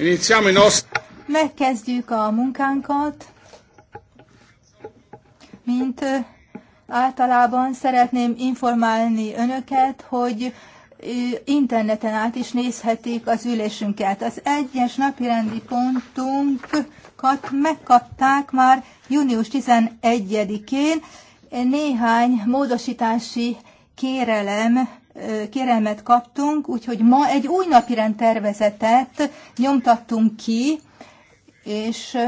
Iniziamo i nostri... Megkezdjük a munkánkat. Mint általában szeretném informálni önöket, hogy interneten át is nézhetik az ülésünket. Az egyes napirendi pontunkat megkapták már június 11-én. Néhány módosítási kérelem kérelmet kaptunk, úgyhogy ma egy új napirend tervezetet nyomtattunk ki, és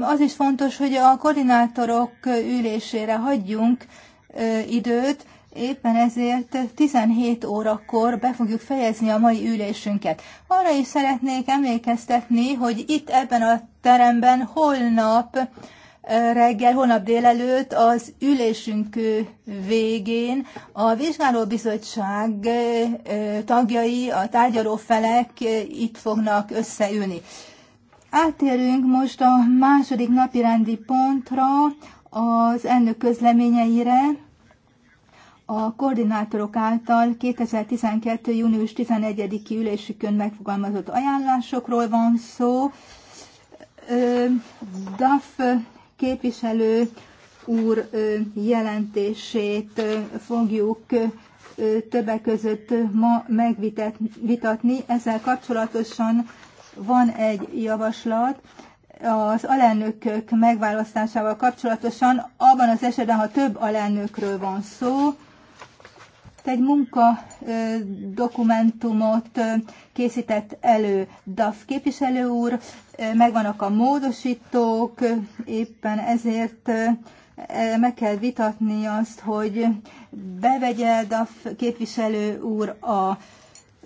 az is fontos, hogy a koordinátorok ülésére hagyjunk időt, éppen ezért 17 órakor be fogjuk fejezni a mai ülésünket. Arra is szeretnék emlékeztetni, hogy itt ebben a teremben holnap reggel, holnap délelőtt az ülésünk végén a vizsgálóbizottság tagjai, a tárgyalófelek itt fognak összeülni. Átérünk most a második napirendi pontra, az elnök közleményeire. A koordinátorok által 2012. június 11-i ülésükön megfogalmazott ajánlásokról van szó. Duff képviselő úr jelentését fogjuk többek között ma megvitatni. Ezzel kapcsolatosan van egy javaslat az alelnökök megválasztásával kapcsolatosan, abban az esetben, ha több alelnökről van szó, egy munka dokumentumot készített elő DAF képviselő úr, megvannak a módosítók, éppen ezért e, meg kell vitatni azt, hogy bevegye DAF képviselő úr a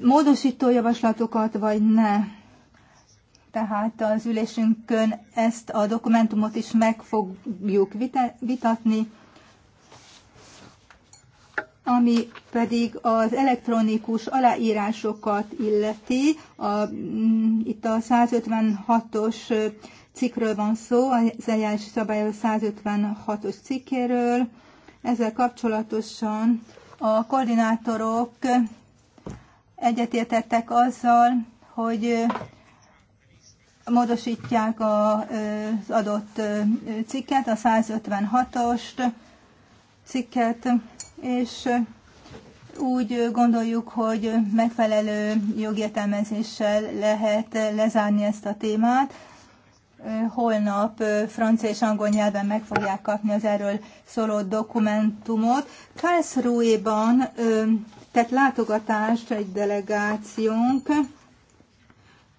módosító javaslatokat, vagy ne. Tehát az ülésünkön ezt a dokumentumot is meg fogjuk vitatni ami pedig az elektronikus aláírásokat illeti, a, mm, itt a 156-os cikkről van szó, az eljárás szabályos 156-os cikkéről. Ezzel kapcsolatosan a koordinátorok egyetértettek azzal, hogy módosítják az adott cikket, a 156-ost, cikket, és úgy gondoljuk, hogy megfelelő jogértelmezéssel lehet lezárni ezt a témát. Holnap francia és angol nyelven meg fogják kapni az erről szóló dokumentumot. Karlsruhe-ban tett látogatást egy delegációnk,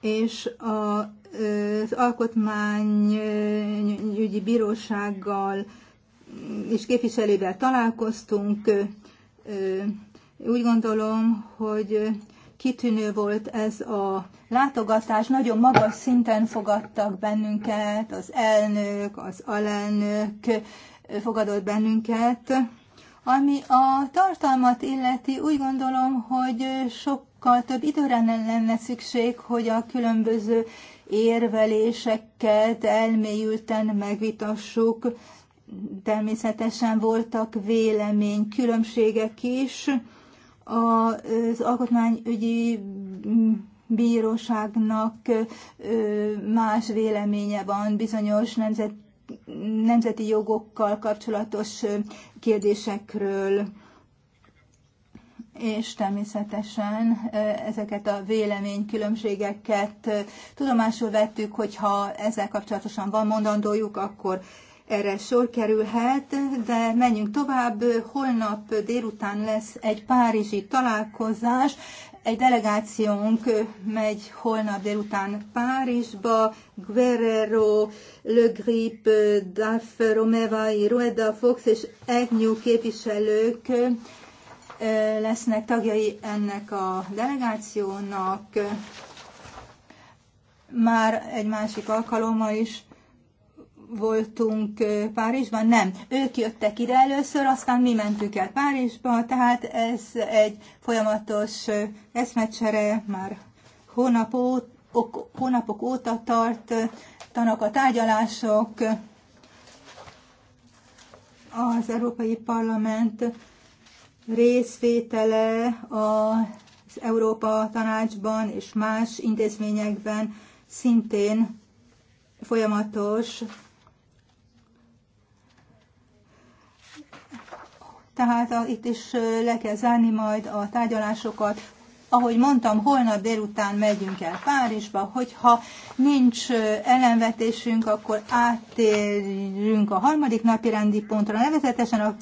és a, az alkotmányügyi bírósággal és képviselővel találkoztunk. Úgy gondolom, hogy kitűnő volt ez a látogatás. Nagyon magas szinten fogadtak bennünket, az elnök, az alelnök fogadott bennünket. Ami a tartalmat illeti, úgy gondolom, hogy sokkal több időre lenne szükség, hogy a különböző érveléseket elmélyülten megvitassuk természetesen voltak vélemény különbségek is. Az alkotmányügyi bíróságnak más véleménye van bizonyos nemzet, nemzeti jogokkal kapcsolatos kérdésekről, és természetesen ezeket a véleménykülönbségeket tudomásul vettük, hogyha ezzel kapcsolatosan van mondandójuk, akkor erre sor kerülhet, de menjünk tovább. Holnap délután lesz egy párizsi találkozás. Egy delegációnk megy holnap délután Párizsba, Guerrero, Le Grip, Duff, Romevai, Rueda, Fox és Egnyú képviselők lesznek tagjai ennek a delegációnak. Már egy másik alkalommal is voltunk Párizsban? Nem. Ők jöttek ide először, aztán mi mentük el Párizsba, tehát ez egy folyamatos eszmecsere, már hónapok, hónapok óta tart, tanak a tárgyalások, az Európai Parlament részvétele az Európa Tanácsban és más intézményekben szintén folyamatos tehát a, itt is le kell zárni majd a tárgyalásokat. Ahogy mondtam, holnap délután megyünk el Párizsba, hogyha nincs ellenvetésünk, akkor áttérünk a harmadik napi rendi pontra, nevezetesen a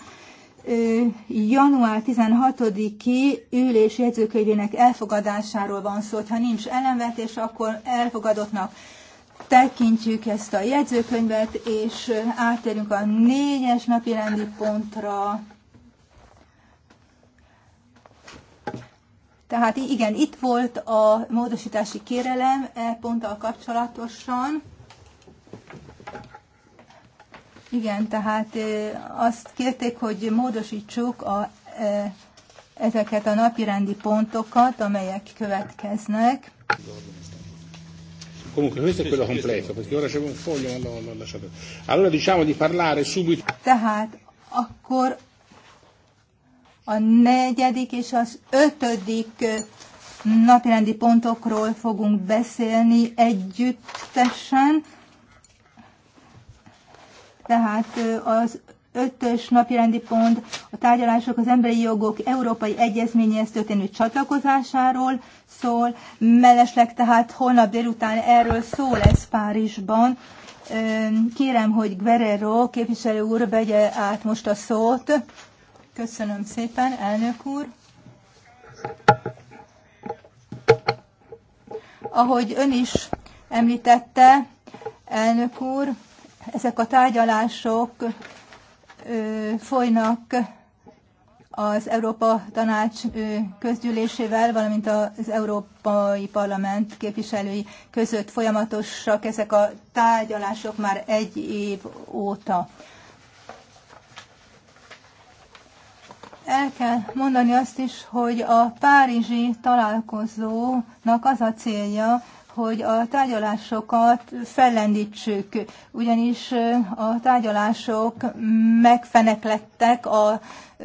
január 16-i ülés jegyzőkönyvének elfogadásáról van szó. Ha nincs ellenvetés, akkor elfogadottnak tekintjük ezt a jegyzőkönyvet, és átérünk a négyes napi rendi pontra. Tehát igen, itt volt a módosítási kérelem e ponttal kapcsolatosan. Igen, tehát azt kérték, hogy módosítsuk a, ezeket a napirendi pontokat, amelyek következnek. Comunque questo è quello completo, perché ora c'è un foglio, ma l'ho lasciato. Allora diciamo di parlare subito. Tehát akkor a negyedik és az ötödik napirendi pontokról fogunk beszélni együttesen. Tehát az ötös napirendi pont a tárgyalások az emberi jogok Európai egyezményhez történő csatlakozásáról szól. Mellesleg tehát holnap délután erről szó lesz Párizsban. Kérem, hogy Guerrero képviselő úr vegye át most a szót. Köszönöm szépen, elnök úr. Ahogy ön is említette, elnök úr, ezek a tárgyalások ö, folynak az Európa Tanács közgyűlésével, valamint az Európai Parlament képviselői között folyamatosak ezek a tárgyalások már egy év óta. El kell mondani azt is, hogy a párizsi találkozónak az a célja, hogy a tárgyalásokat fellendítsük, ugyanis a tárgyalások megfeneklettek a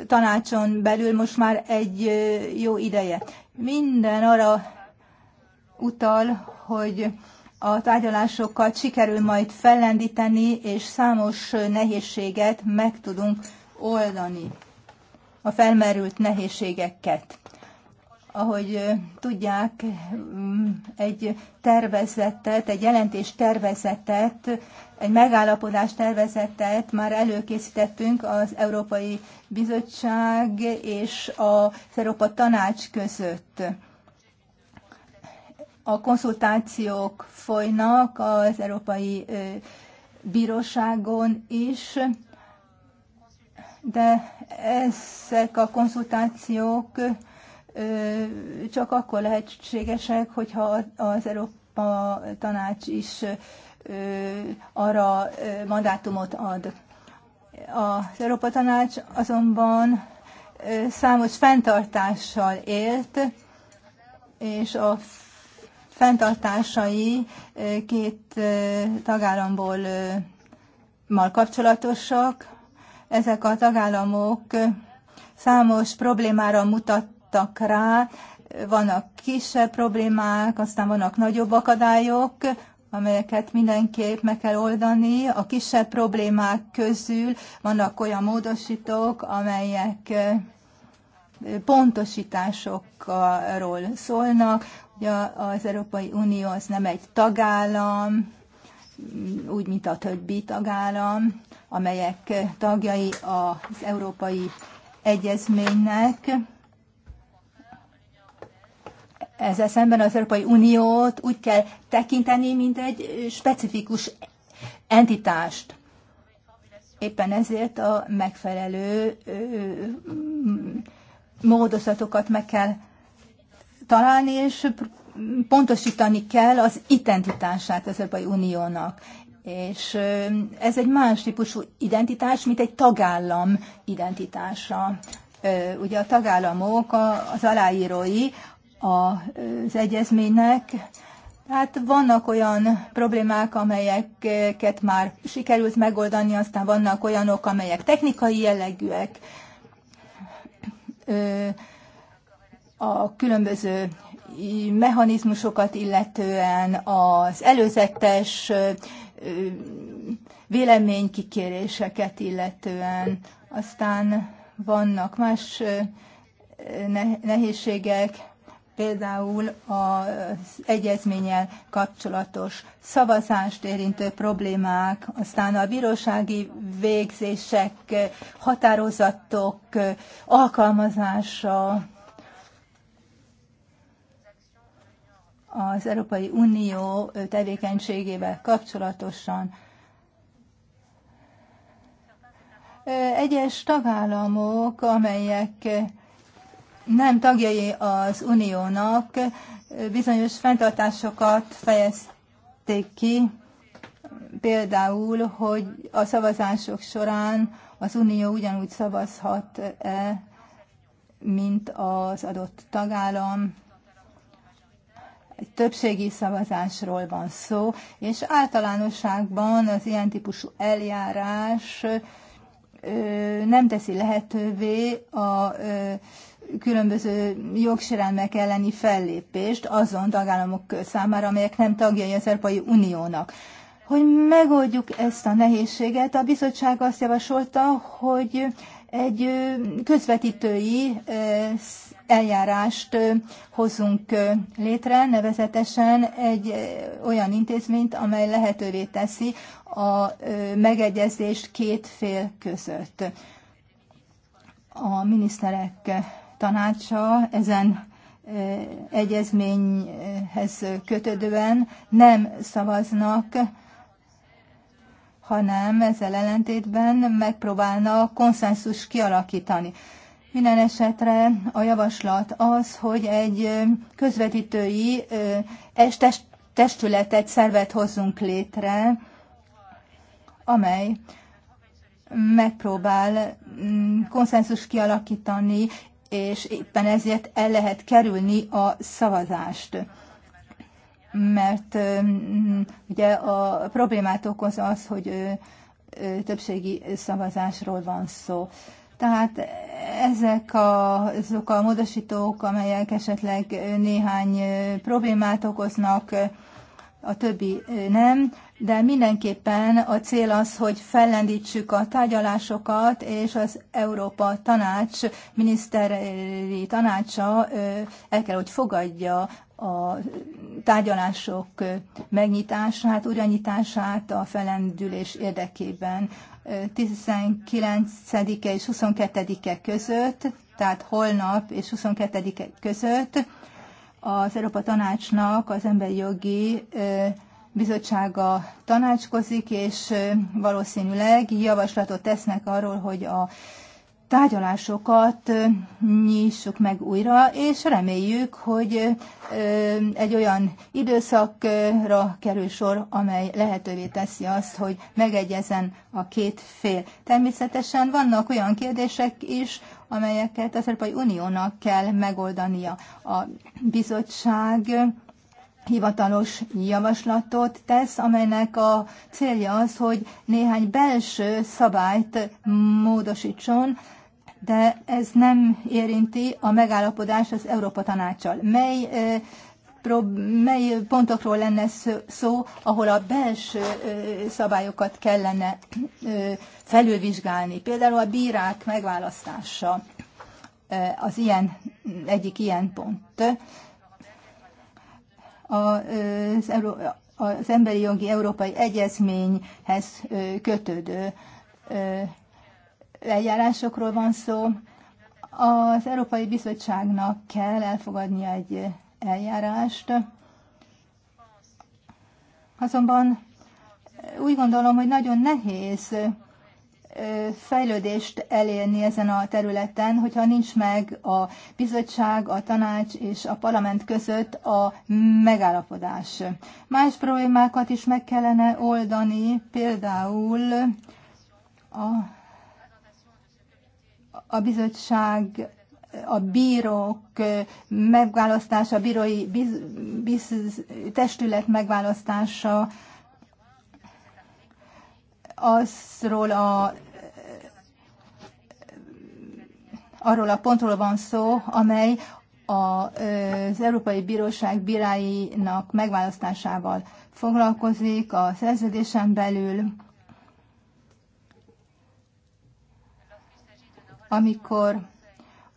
tanácson belül most már egy jó ideje. Minden arra utal, hogy a tárgyalásokat sikerül majd fellendíteni, és számos nehézséget meg tudunk oldani a felmerült nehézségeket. Ahogy tudják, mm, egy tervezetet, egy jelentés tervezetet, egy megállapodás tervezetet már előkészítettünk az Európai Bizottság és az Európa Tanács között a konzultációk folynak az Európai Bíróságon is, de ezek a konzultációk csak akkor lehetségesek, hogyha az Európa Tanács is arra mandátumot ad. Az Európa Tanács azonban számos fenntartással élt, és a fenntartásai két tagállamból mal kapcsolatosak ezek a tagállamok számos problémára mutattak rá, vannak kisebb problémák, aztán vannak nagyobb akadályok, amelyeket mindenképp meg kell oldani. A kisebb problémák közül vannak olyan módosítók, amelyek pontosításokról szólnak. Ugye az Európai Unió az nem egy tagállam, úgy, mint a többi tagállam, amelyek tagjai az Európai Egyezménynek. Ezzel szemben az Európai Uniót úgy kell tekinteni, mint egy specifikus entitást. Éppen ezért a megfelelő módozatokat meg kell találni, és pontosítani kell az identitását az Európai Uniónak. És ez egy más típusú identitás, mint egy tagállam identitása. Ugye a tagállamok, az aláírói az egyezménynek, Hát vannak olyan problémák, amelyeket már sikerült megoldani, aztán vannak olyanok, amelyek technikai jellegűek. A különböző mechanizmusokat illetően, az előzetes véleménykikéréseket illetően, aztán vannak más nehézségek, például az egyezménnyel kapcsolatos szavazást érintő problémák, aztán a bírósági végzések, határozatok alkalmazása, az Európai Unió tevékenységével kapcsolatosan. Egyes tagállamok, amelyek nem tagjai az uniónak, bizonyos fenntartásokat fejezték ki, például, hogy a szavazások során az unió ugyanúgy szavazhat-e, mint az adott tagállam, egy többségi szavazásról van szó, és általánosságban az ilyen típusú eljárás nem teszi lehetővé a különböző jogsérelmek elleni fellépést azon tagállamok számára, amelyek nem tagjai az Európai Uniónak. Hogy megoldjuk ezt a nehézséget, a bizottság azt javasolta, hogy egy közvetítői eljárást hozunk létre, nevezetesen egy olyan intézményt, amely lehetővé teszi a megegyezést két fél között. A miniszterek tanácsa ezen egyezményhez kötődően nem szavaznak, hanem ezzel ellentétben megpróbálnak konszenzus kialakítani. Minden esetre a javaslat az, hogy egy közvetítői testületet, szervet hozzunk létre, amely megpróbál mm, konszenzus kialakítani, és éppen ezért el lehet kerülni a szavazást. Mert mm, ugye a problémát okoz az, hogy többségi szavazásról van szó. Tehát ezek a, azok a módosítók, amelyek esetleg néhány problémát okoznak, a többi nem, de mindenképpen a cél az, hogy fellendítsük a tárgyalásokat, és az Európa Tanács, miniszteri tanácsa el kell, hogy fogadja a tárgyalások megnyitását, újranyitását a felendülés érdekében. 19-e és 22-e között, tehát holnap és 22-e között az Európa Tanácsnak az Emberi Jogi Bizottsága tanácskozik, és valószínűleg javaslatot tesznek arról, hogy a tárgyalásokat nyissuk meg újra, és reméljük, hogy egy olyan időszakra kerül sor, amely lehetővé teszi azt, hogy megegyezen a két fél. Természetesen vannak olyan kérdések is, amelyeket az Európai Uniónak kell megoldania. A bizottság hivatalos javaslatot tesz, amelynek a célja az, hogy néhány belső szabályt módosítson, de ez nem érinti a megállapodás az Európa Tanácssal. Mely, mely pontokról lenne szó, ahol a belső szabályokat kellene felülvizsgálni? Például a bírák megválasztása az ilyen, egyik ilyen pont. Az, Euró, az Emberi Jogi Európai Egyezményhez kötődő eljárásokról van szó. Az Európai Bizottságnak kell elfogadnia egy eljárást. Azonban úgy gondolom, hogy nagyon nehéz fejlődést elérni ezen a területen, hogyha nincs meg a bizottság, a tanács és a parlament között a megállapodás. Más problémákat is meg kellene oldani, például a a bizottság a bírók megválasztása, a bírói biz, biz, testület megválasztása azról a arról a pontról van szó, amely az Európai Bíróság bíráinak megválasztásával foglalkozik a szerződésen belül. amikor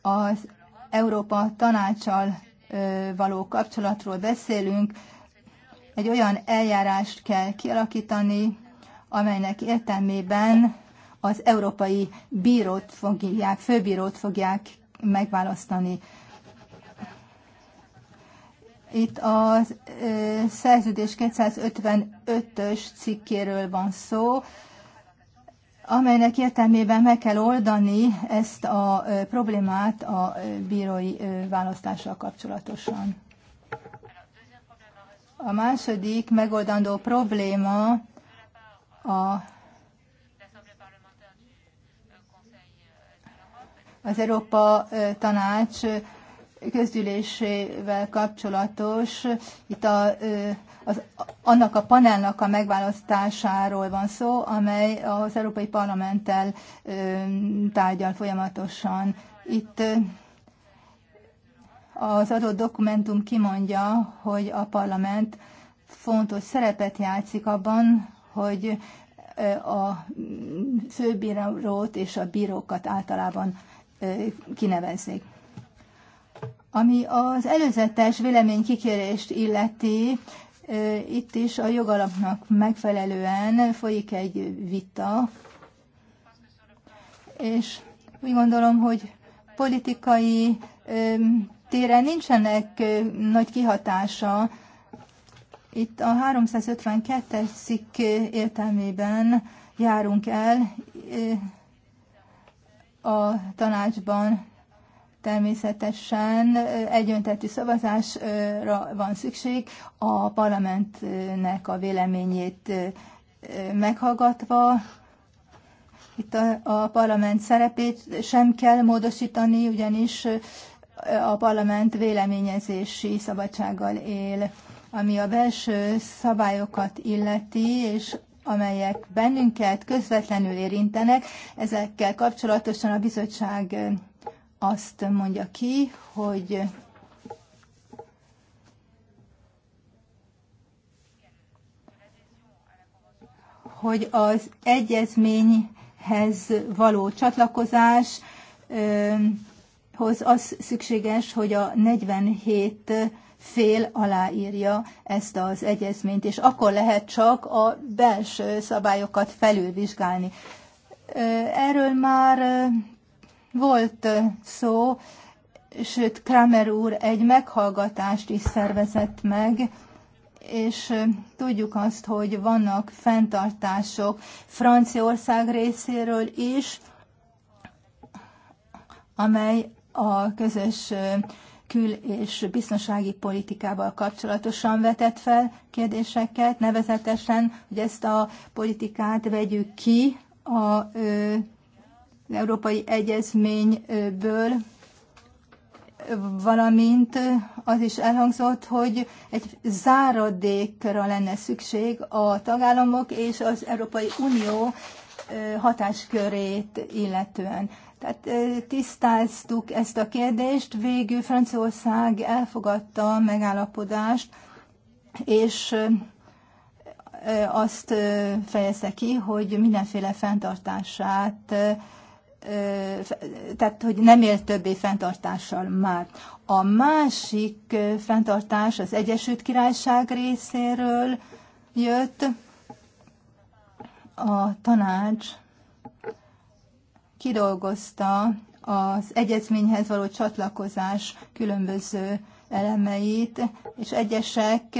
az Európa tanácsal való kapcsolatról beszélünk, egy olyan eljárást kell kialakítani, amelynek értelmében az Európai Bírót fogják, főbírót fogják megválasztani. Itt a szerződés 255-ös cikkéről van szó, amelynek értelmében meg kell oldani ezt a problémát a bírói választással kapcsolatosan. A második megoldandó probléma a az Európa Tanács közgyűlésével kapcsolatos. Itt a az, annak a panelnak a megválasztásáról van szó, amely az Európai Parlamenttel tárgyal folyamatosan. Itt az adott dokumentum kimondja, hogy a parlament fontos szerepet játszik abban, hogy a főbírót és a bírókat általában kinevezzék. Ami az előzetes véleménykikérést illeti, itt is a jogalapnak megfelelően folyik egy vita, és úgy gondolom, hogy politikai téren nincsenek nagy kihatása. Itt a 352-es értelmében járunk el a tanácsban természetesen egyöntetű szavazásra van szükség, a parlamentnek a véleményét meghallgatva. Itt a, a parlament szerepét sem kell módosítani, ugyanis a parlament véleményezési szabadsággal él, ami a belső szabályokat illeti, és amelyek bennünket közvetlenül érintenek. Ezekkel kapcsolatosan a bizottság azt mondja ki, hogy hogy az egyezményhez való csatlakozás hoz az szükséges, hogy a 47 fél aláírja ezt az egyezményt, és akkor lehet csak a belső szabályokat felülvizsgálni. Erről már volt szó, sőt Kramer úr egy meghallgatást is szervezett meg, és tudjuk azt, hogy vannak fenntartások Franciaország részéről is, amely a közös kül- és biztonsági politikával kapcsolatosan vetett fel kérdéseket, nevezetesen, hogy ezt a politikát vegyük ki a európai egyezményből, valamint az is elhangzott, hogy egy záradékra lenne szükség a tagállamok és az Európai Unió hatáskörét illetően. Tehát tisztáztuk ezt a kérdést, végül Franciaország elfogadta a megállapodást, és azt fejezte ki, hogy mindenféle fenntartását tehát hogy nem él többé fenntartással már. A másik fenntartás az Egyesült Királyság részéről jött a tanács kidolgozta az egyezményhez való csatlakozás különböző elemeit, és egyesek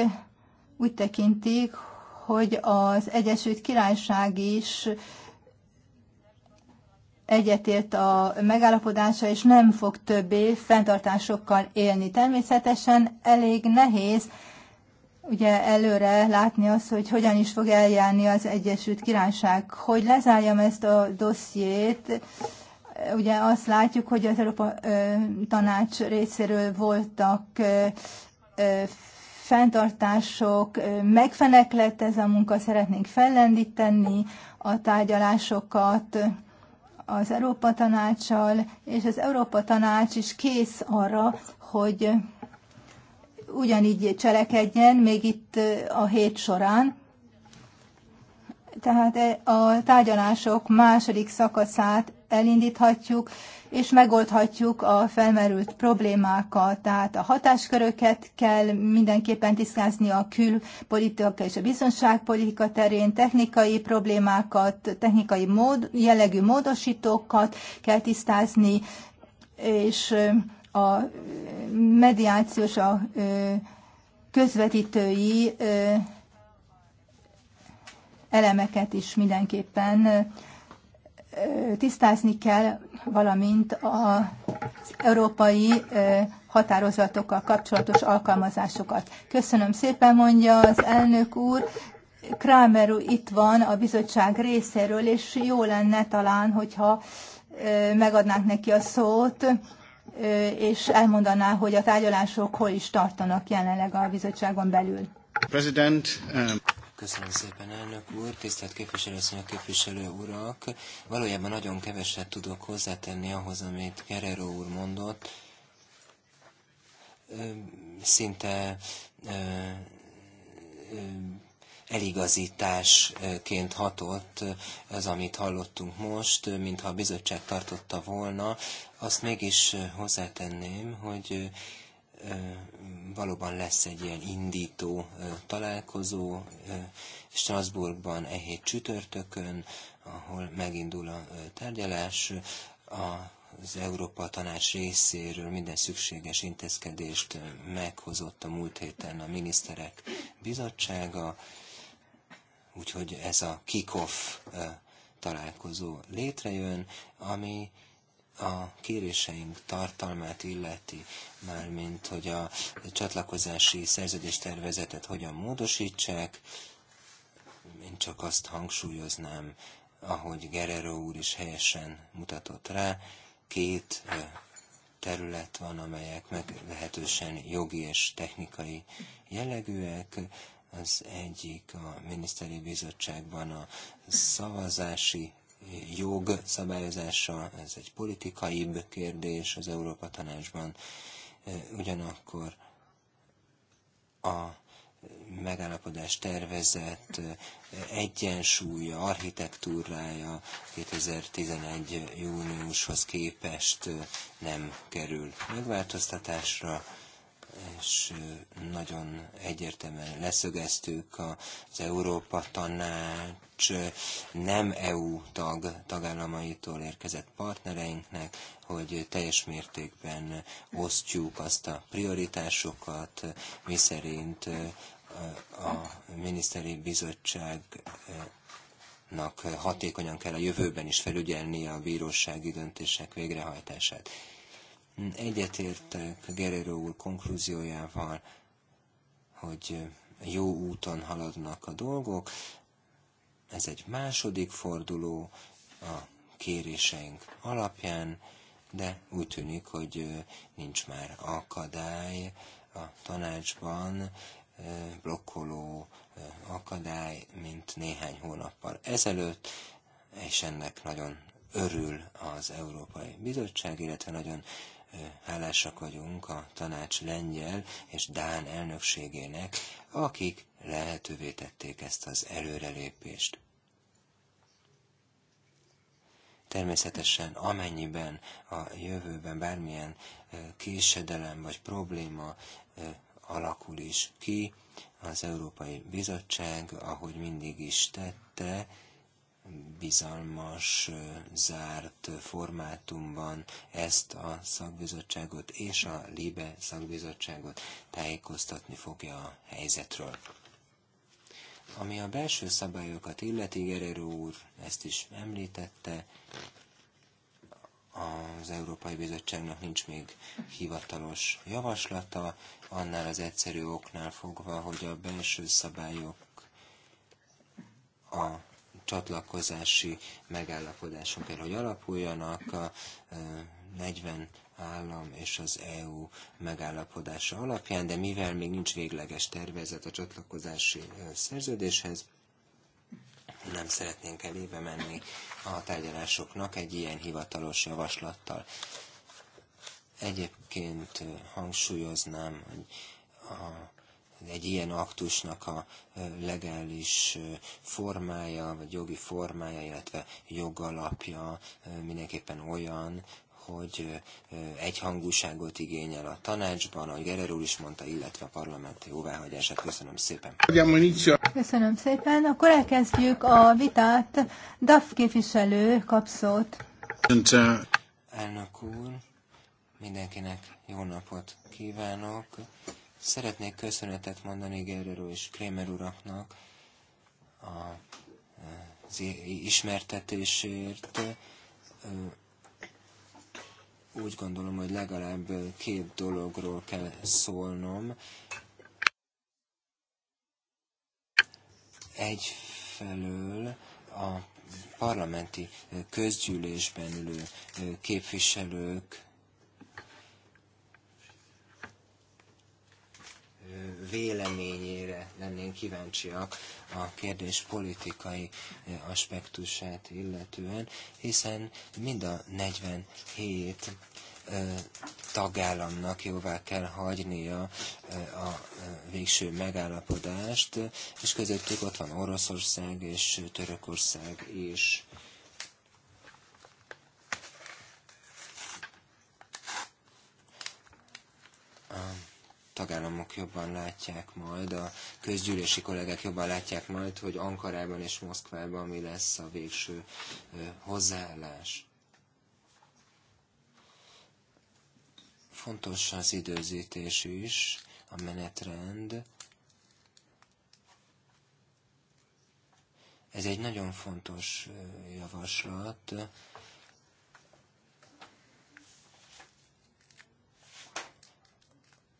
úgy tekintik, hogy az Egyesült Királyság is egyetért a megállapodása, és nem fog többé fenntartásokkal élni. Természetesen elég nehéz ugye előre látni azt, hogy hogyan is fog eljárni az Egyesült Királyság. Hogy lezárjam ezt a dossziét, ugye azt látjuk, hogy az Európa ö, Tanács részéről voltak ö, ö, fenntartások, megfeneklett ez a munka, szeretnénk fellendíteni a tárgyalásokat az Európa Tanácssal, és az Európa Tanács is kész arra, hogy ugyanígy cselekedjen még itt a hét során. Tehát a tárgyalások második szakaszát elindíthatjuk, és megoldhatjuk a felmerült problémákat. Tehát a hatásköröket kell mindenképpen tisztázni a külpolitika és a biztonságpolitika terén, technikai problémákat, technikai mód, jellegű módosítókat kell tisztázni, és a mediációs, a közvetítői elemeket is mindenképpen tisztázni kell, valamint az európai határozatokkal kapcsolatos alkalmazásokat. Köszönöm szépen, mondja az elnök úr. Kramer úr itt van a bizottság részéről, és jó lenne talán, hogyha megadnánk neki a szót, és elmondaná, hogy a tárgyalások hol is tartanak jelenleg a bizottságon belül. President, um... Köszönöm szépen, elnök úr, tisztelt képviselőasszonyok, képviselő urak. Valójában nagyon keveset tudok hozzátenni ahhoz, amit Gerero úr mondott. Szinte eligazításként hatott az, amit hallottunk most, mintha a bizottság tartotta volna. Azt mégis hozzátenném, hogy valóban lesz egy ilyen indító találkozó Strasbourgban e hét csütörtökön, ahol megindul a tárgyalás. Az Európa Tanács részéről minden szükséges intézkedést meghozott a múlt héten a miniszterek bizottsága, úgyhogy ez a kick-off találkozó létrejön, ami a kéréseink tartalmát illeti mármint hogy a csatlakozási tervezetet hogyan módosítsák. Én csak azt hangsúlyoznám, ahogy Gerero úr is helyesen mutatott rá, két terület van, amelyek meglehetősen jogi és technikai jellegűek. Az egyik a miniszteri bizottságban a szavazási jog szabályozása, ez egy politikaibb kérdés az Európa Tanácsban Ugyanakkor a megállapodás tervezett egyensúlya, architektúrája 2011. júniushoz képest nem kerül megváltoztatásra és nagyon egyértelműen leszögeztük az Európa Tanács nem EU tag tagállamaitól érkezett partnereinknek, hogy teljes mértékben osztjuk azt a prioritásokat, mi szerint a miniszteri bizottságnak hatékonyan kell a jövőben is felügyelni a bírósági döntések végrehajtását. Egyetértek Gerero úr konklúziójával, hogy jó úton haladnak a dolgok. Ez egy második forduló a kéréseink alapján, de úgy tűnik, hogy nincs már akadály a tanácsban, blokkoló akadály, mint néhány hónappal ezelőtt, és ennek nagyon örül az Európai Bizottság, illetve nagyon hálásak vagyunk a tanács lengyel és dán elnökségének, akik lehetővé tették ezt az előrelépést. Természetesen amennyiben a jövőben bármilyen késedelem vagy probléma alakul is ki, az Európai Bizottság, ahogy mindig is tette, bizalmas, zárt formátumban ezt a szakbizottságot és a LIBE szakbizottságot tájékoztatni fogja a helyzetről. Ami a belső szabályokat illeti, Gerer úr ezt is említette, az Európai Bizottságnak nincs még hivatalos javaslata, annál az egyszerű oknál fogva, hogy a belső szabályok a csatlakozási megállapodáson kell, hogy alapuljanak a 40 e, állam és az EU megállapodása alapján, de mivel még nincs végleges tervezet a csatlakozási e, szerződéshez, nem szeretnénk elébe menni a tárgyalásoknak egy ilyen hivatalos javaslattal. Egyébként e, hangsúlyoznám, hogy a egy ilyen aktusnak a legális formája, vagy jogi formája, illetve jogalapja mindenképpen olyan, hogy egyhangúságot igényel a tanácsban, ahogy Gerer úr is mondta, illetve a parlament jóváhagyását. Köszönöm szépen. Köszönöm szépen. Akkor elkezdjük a vitát. DAF képviselő kapszót. Elnök úr, mindenkinek jó napot kívánok. Szeretnék köszönetet mondani Gerrero és Krémer uraknak a, az ismertetésért. Úgy gondolom, hogy legalább két dologról kell szólnom. Egyfelől a parlamenti közgyűlésben ülő képviselők véleményére lennénk kíváncsiak a kérdés politikai eh, aspektusát illetően, hiszen mind a 47 eh, tagállamnak jóvá kell hagynia eh, a végső megállapodást, és közöttük ott van Oroszország és Törökország is. tagállamok jobban látják majd, a közgyűlési kollégák jobban látják majd, hogy Ankarában és Moszkvában mi lesz a végső hozzáállás. Fontos az időzítés is, a menetrend. Ez egy nagyon fontos javaslat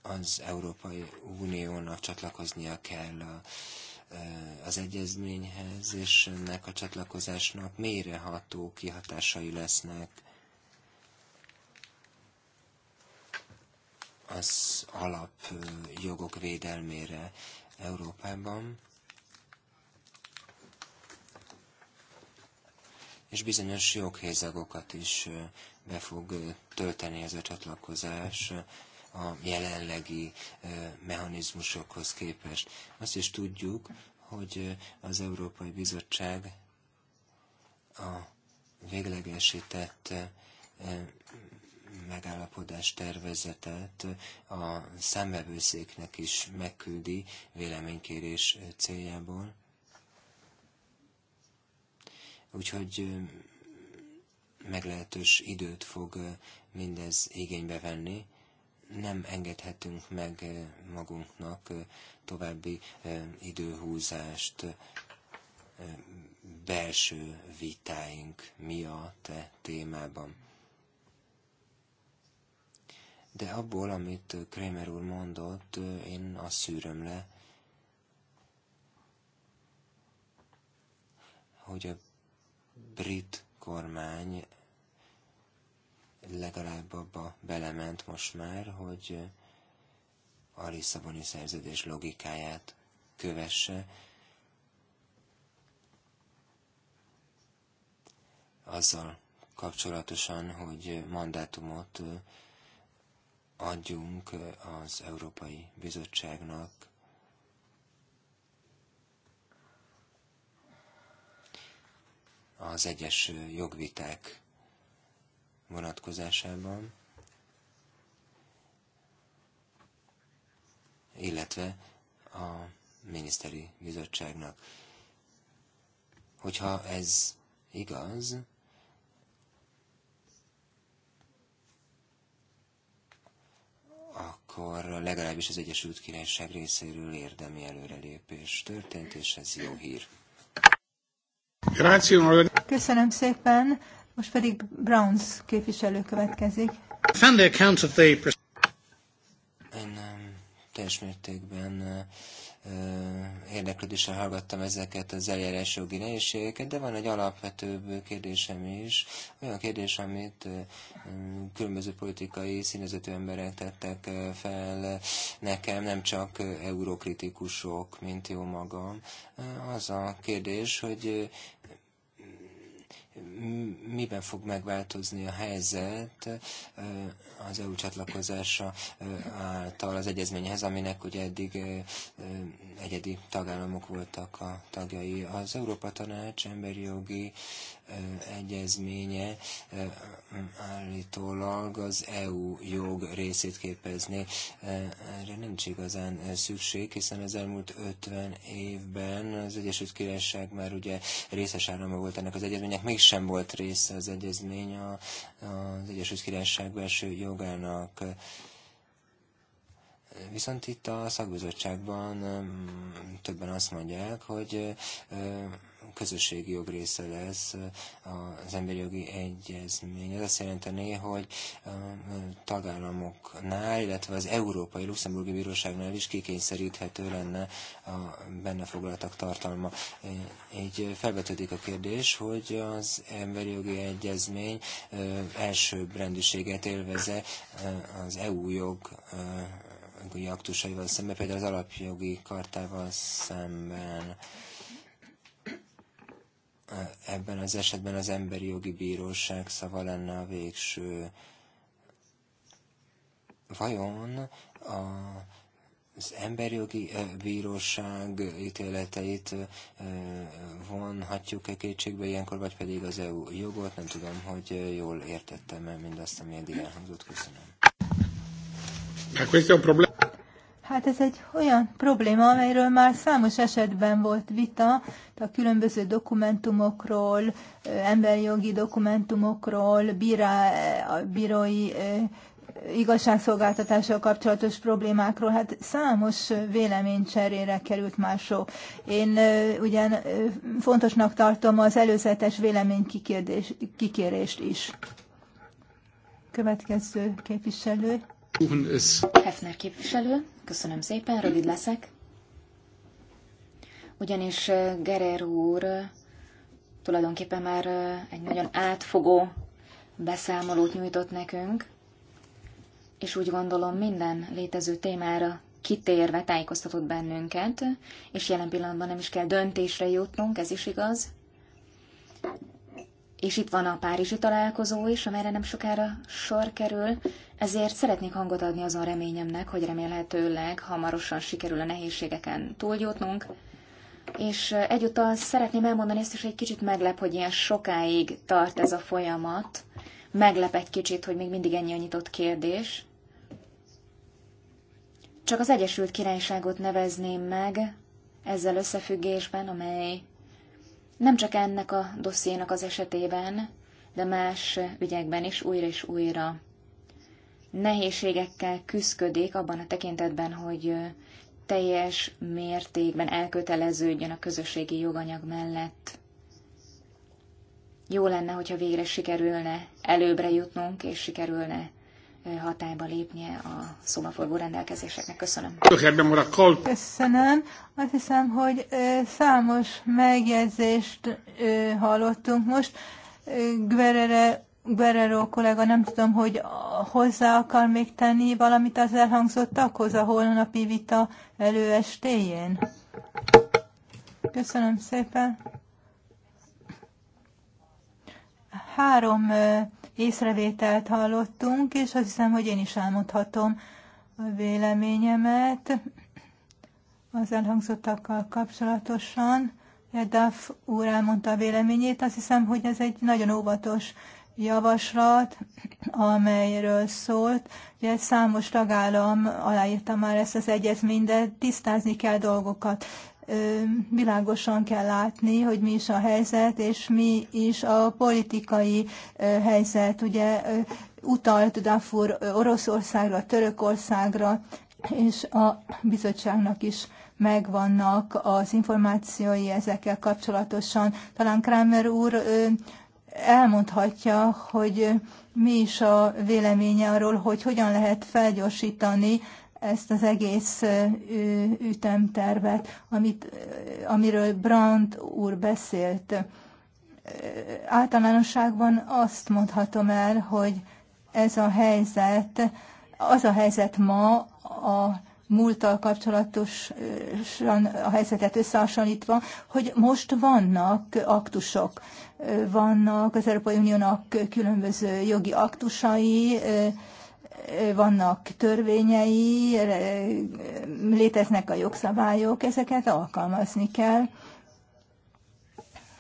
az Európai Uniónak csatlakoznia kell a, az egyezményhez, és ennek a csatlakozásnak mélyreható kihatásai lesznek az alapjogok védelmére Európában. és bizonyos joghézagokat is be fog tölteni ez a csatlakozás a jelenlegi mechanizmusokhoz képest. Azt is tudjuk, hogy az Európai Bizottság a véglegesített megállapodás tervezetet a számvevőszéknek is megküldi véleménykérés céljából. Úgyhogy meglehetős időt fog mindez igénybe venni, nem engedhetünk meg magunknak további időhúzást belső vitáink miatt a e témában. De abból, amit Kramer úr mondott, én azt szűröm le, hogy a brit kormány legalább abba belement most már, hogy a Lisszaboni szerződés logikáját kövesse. Azzal kapcsolatosan, hogy mandátumot adjunk az Európai Bizottságnak az egyes jogviták vonatkozásában, illetve a miniszteri bizottságnak. Hogyha ez igaz, akkor legalábbis az Egyesült Királyság részéről érdemi előrelépés történt, és ez jó hír. Köszönöm szépen. Most pedig Browns képviselő következik. Én teljes mértékben eh, érdeklődéssel hallgattam ezeket az eljárás jogi nehézségeket, de van egy alapvetőbb kérdésem is, olyan kérdés, amit eh, különböző politikai színezetű emberek tettek eh, fel nekem, nem csak eurokritikusok, mint jó magam. Az a kérdés, hogy miben fog megváltozni a helyzet az EU csatlakozása által az egyezményhez, aminek ugye eddig egyedi tagállamok voltak a tagjai. Az Európa Tanács emberi jogi egyezménye állítólag az EU jog részét képezné. Erre nincs igazán szükség, hiszen az elmúlt 50 évben az Egyesült Királyság már ugye részes állama volt ennek az egyezménynek, mégsem volt része az egyezmény a, az Egyesült Királyság belső jogának. Viszont itt a szakbizottságban többen azt mondják, hogy közösségi jog része lesz az emberi jogi egyezmény. Ez azt jelenteni, hogy a tagállamoknál, illetve az Európai Luxemburgi Bíróságnál is kikényszeríthető lenne a benne foglaltak tartalma. Így felvetődik a kérdés, hogy az emberi jogi egyezmény első rendűséget élveze az EU jog aktusaival szemben, például az alapjogi kartával szemben ebben az esetben az emberi jogi bíróság szava lenne a végső. Vajon a az jogi bíróság ítéleteit vonhatjuk-e kétségbe ilyenkor, vagy pedig az EU jogot? Nem tudom, hogy jól értettem-e mindazt, ami eddig elhangzott. Köszönöm. Hát ez egy olyan probléma, amelyről már számos esetben volt vita, a különböző dokumentumokról, emberjogi dokumentumokról, bírá, a bírói igazságszolgáltatással kapcsolatos problémákról, hát számos véleménycserére került már sok. Én ugyan fontosnak tartom az előzetes vélemény kikérést is. Következő képviselő. Hefner képviselő, köszönöm szépen, rövid leszek. Ugyanis eh, Gerer úr eh, tulajdonképpen már eh, egy nagyon átfogó beszámolót nyújtott nekünk, és úgy gondolom minden létező témára kitérve tájékoztatott bennünket, és jelen pillanatban nem is kell döntésre jutnunk, ez is igaz és itt van a Párizsi találkozó is, amelyre nem sokára sor kerül, ezért szeretnék hangot adni azon reményemnek, hogy remélhetőleg hamarosan sikerül a nehézségeken túljutnunk, és egyúttal szeretném elmondani ezt is, hogy egy kicsit meglep, hogy ilyen sokáig tart ez a folyamat, meglep egy kicsit, hogy még mindig ennyi a nyitott kérdés. Csak az Egyesült Királyságot nevezném meg ezzel összefüggésben, amely nem csak ennek a dossziénak az esetében, de más ügyekben is újra és újra nehézségekkel küzdködik abban a tekintetben, hogy teljes mértékben elköteleződjön a közösségi joganyag mellett. Jó lenne, hogyha végre sikerülne előbbre jutnunk, és sikerülne hatályba lépnie a szobaforgó rendelkezéseknek. Köszönöm. Köszönöm. Azt hiszem, hogy számos megjegyzést hallottunk most. Guerrero, Guerrero kollega, nem tudom, hogy hozzá akar még tenni valamit az elhangzottakhoz a holnapi vita előestéjén. Köszönöm szépen. Három észrevételt hallottunk, és azt hiszem, hogy én is elmondhatom a véleményemet az elhangzottakkal kapcsolatosan. Duff úr elmondta a véleményét, azt hiszem, hogy ez egy nagyon óvatos javaslat, amelyről szólt. Ugye számos tagállam aláírta már ezt az egyezményt, de tisztázni kell dolgokat világosan kell látni, hogy mi is a helyzet, és mi is a politikai helyzet. Ugye utalt Dafur Oroszországra, Törökországra, és a bizottságnak is megvannak az információi ezekkel kapcsolatosan. Talán Kramer úr elmondhatja, hogy mi is a véleménye arról, hogy hogyan lehet felgyorsítani ezt az egész ütemtervet, amit, amiről Brandt úr beszélt. Általánosságban azt mondhatom el, hogy ez a helyzet, az a helyzet ma a múlttal kapcsolatosan a helyzetet összehasonlítva, hogy most vannak aktusok, vannak az Európai Uniónak különböző jogi aktusai, vannak törvényei, léteznek a jogszabályok, ezeket alkalmazni kell,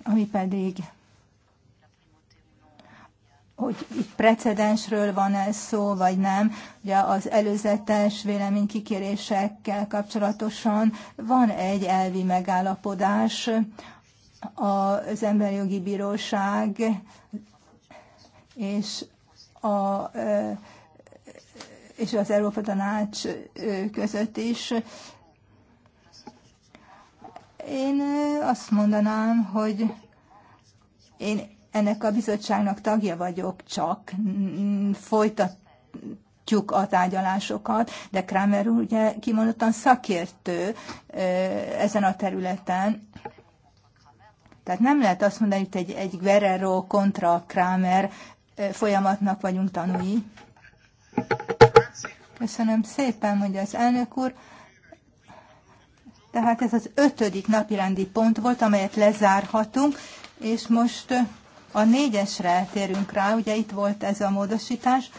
ami pedig hogy itt precedensről van ez szó, vagy nem. Ugye az előzetes véleménykikérésekkel kapcsolatosan van egy elvi megállapodás az Emberjogi Bíróság és a és az Európa Tanács között is. Én azt mondanám, hogy én ennek a bizottságnak tagja vagyok csak, folytatjuk a tárgyalásokat, de Kramer úr ugye kimondottan szakértő ezen a területen, tehát nem lehet azt mondani, hogy egy, egy Guerrero kontra Kramer folyamatnak vagyunk tanúi. Köszönöm szépen, hogy az elnök úr. Tehát ez az ötödik napirendi pont volt, amelyet lezárhatunk, és most a négyesre térünk rá, ugye itt volt ez a módosítás.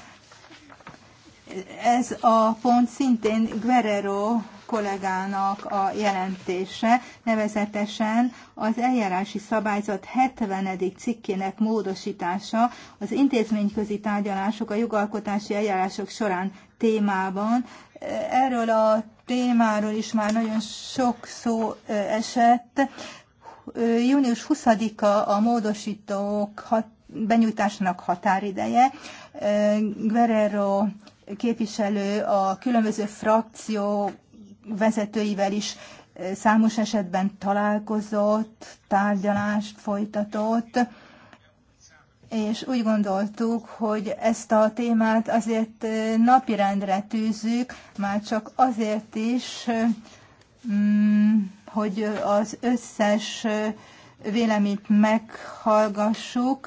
Ez a pont szintén Guerrero kollégának a jelentése, nevezetesen az eljárási szabályzat 70. cikkének módosítása az intézményközi tárgyalások a jogalkotási eljárások során témában. Erről a témáról is már nagyon sok szó esett. Június 20-a a módosítók hat, benyújtásának határideje. Guerrero képviselő a különböző frakciók vezetőivel is számos esetben találkozott, tárgyalást folytatott, és úgy gondoltuk, hogy ezt a témát azért napirendre tűzzük, már csak azért is, mm, hogy az összes véleményt meghallgassuk.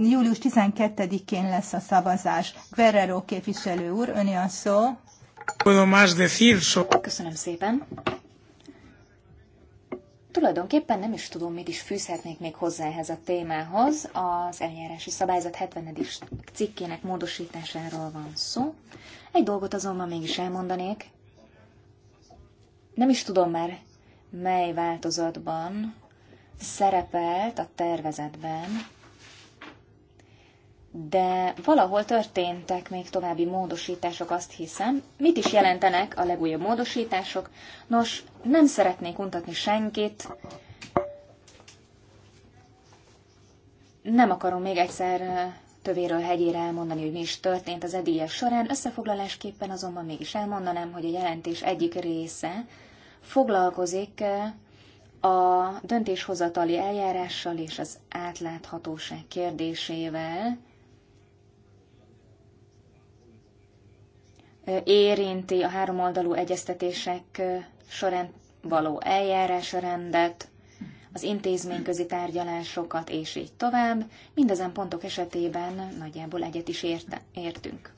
Július 12-én lesz a szavazás. Guerrero képviselő úr, öné a szó. Köszönöm szépen. Tulajdonképpen nem is tudom, mit is fűzhetnék még hozzá ehhez a témához. Az eljárási szabályzat 70. cikkének módosításáról van szó. Egy dolgot azonban mégis elmondanék. Nem is tudom már, mely változatban szerepelt a tervezetben de valahol történtek még további módosítások, azt hiszem. Mit is jelentenek a legújabb módosítások? Nos, nem szeretnék untatni senkit. Nem akarom még egyszer tövéről hegyére elmondani, hogy mi is történt az edélyek során. Összefoglalásképpen azonban mégis elmondanám, hogy a jelentés egyik része foglalkozik a döntéshozatali eljárással és az átláthatóság kérdésével, érinti a háromoldalú egyeztetések során való eljárásrendet, az intézményközi tárgyalásokat, és így tovább. Mindezen pontok esetében nagyjából egyet is érte, értünk.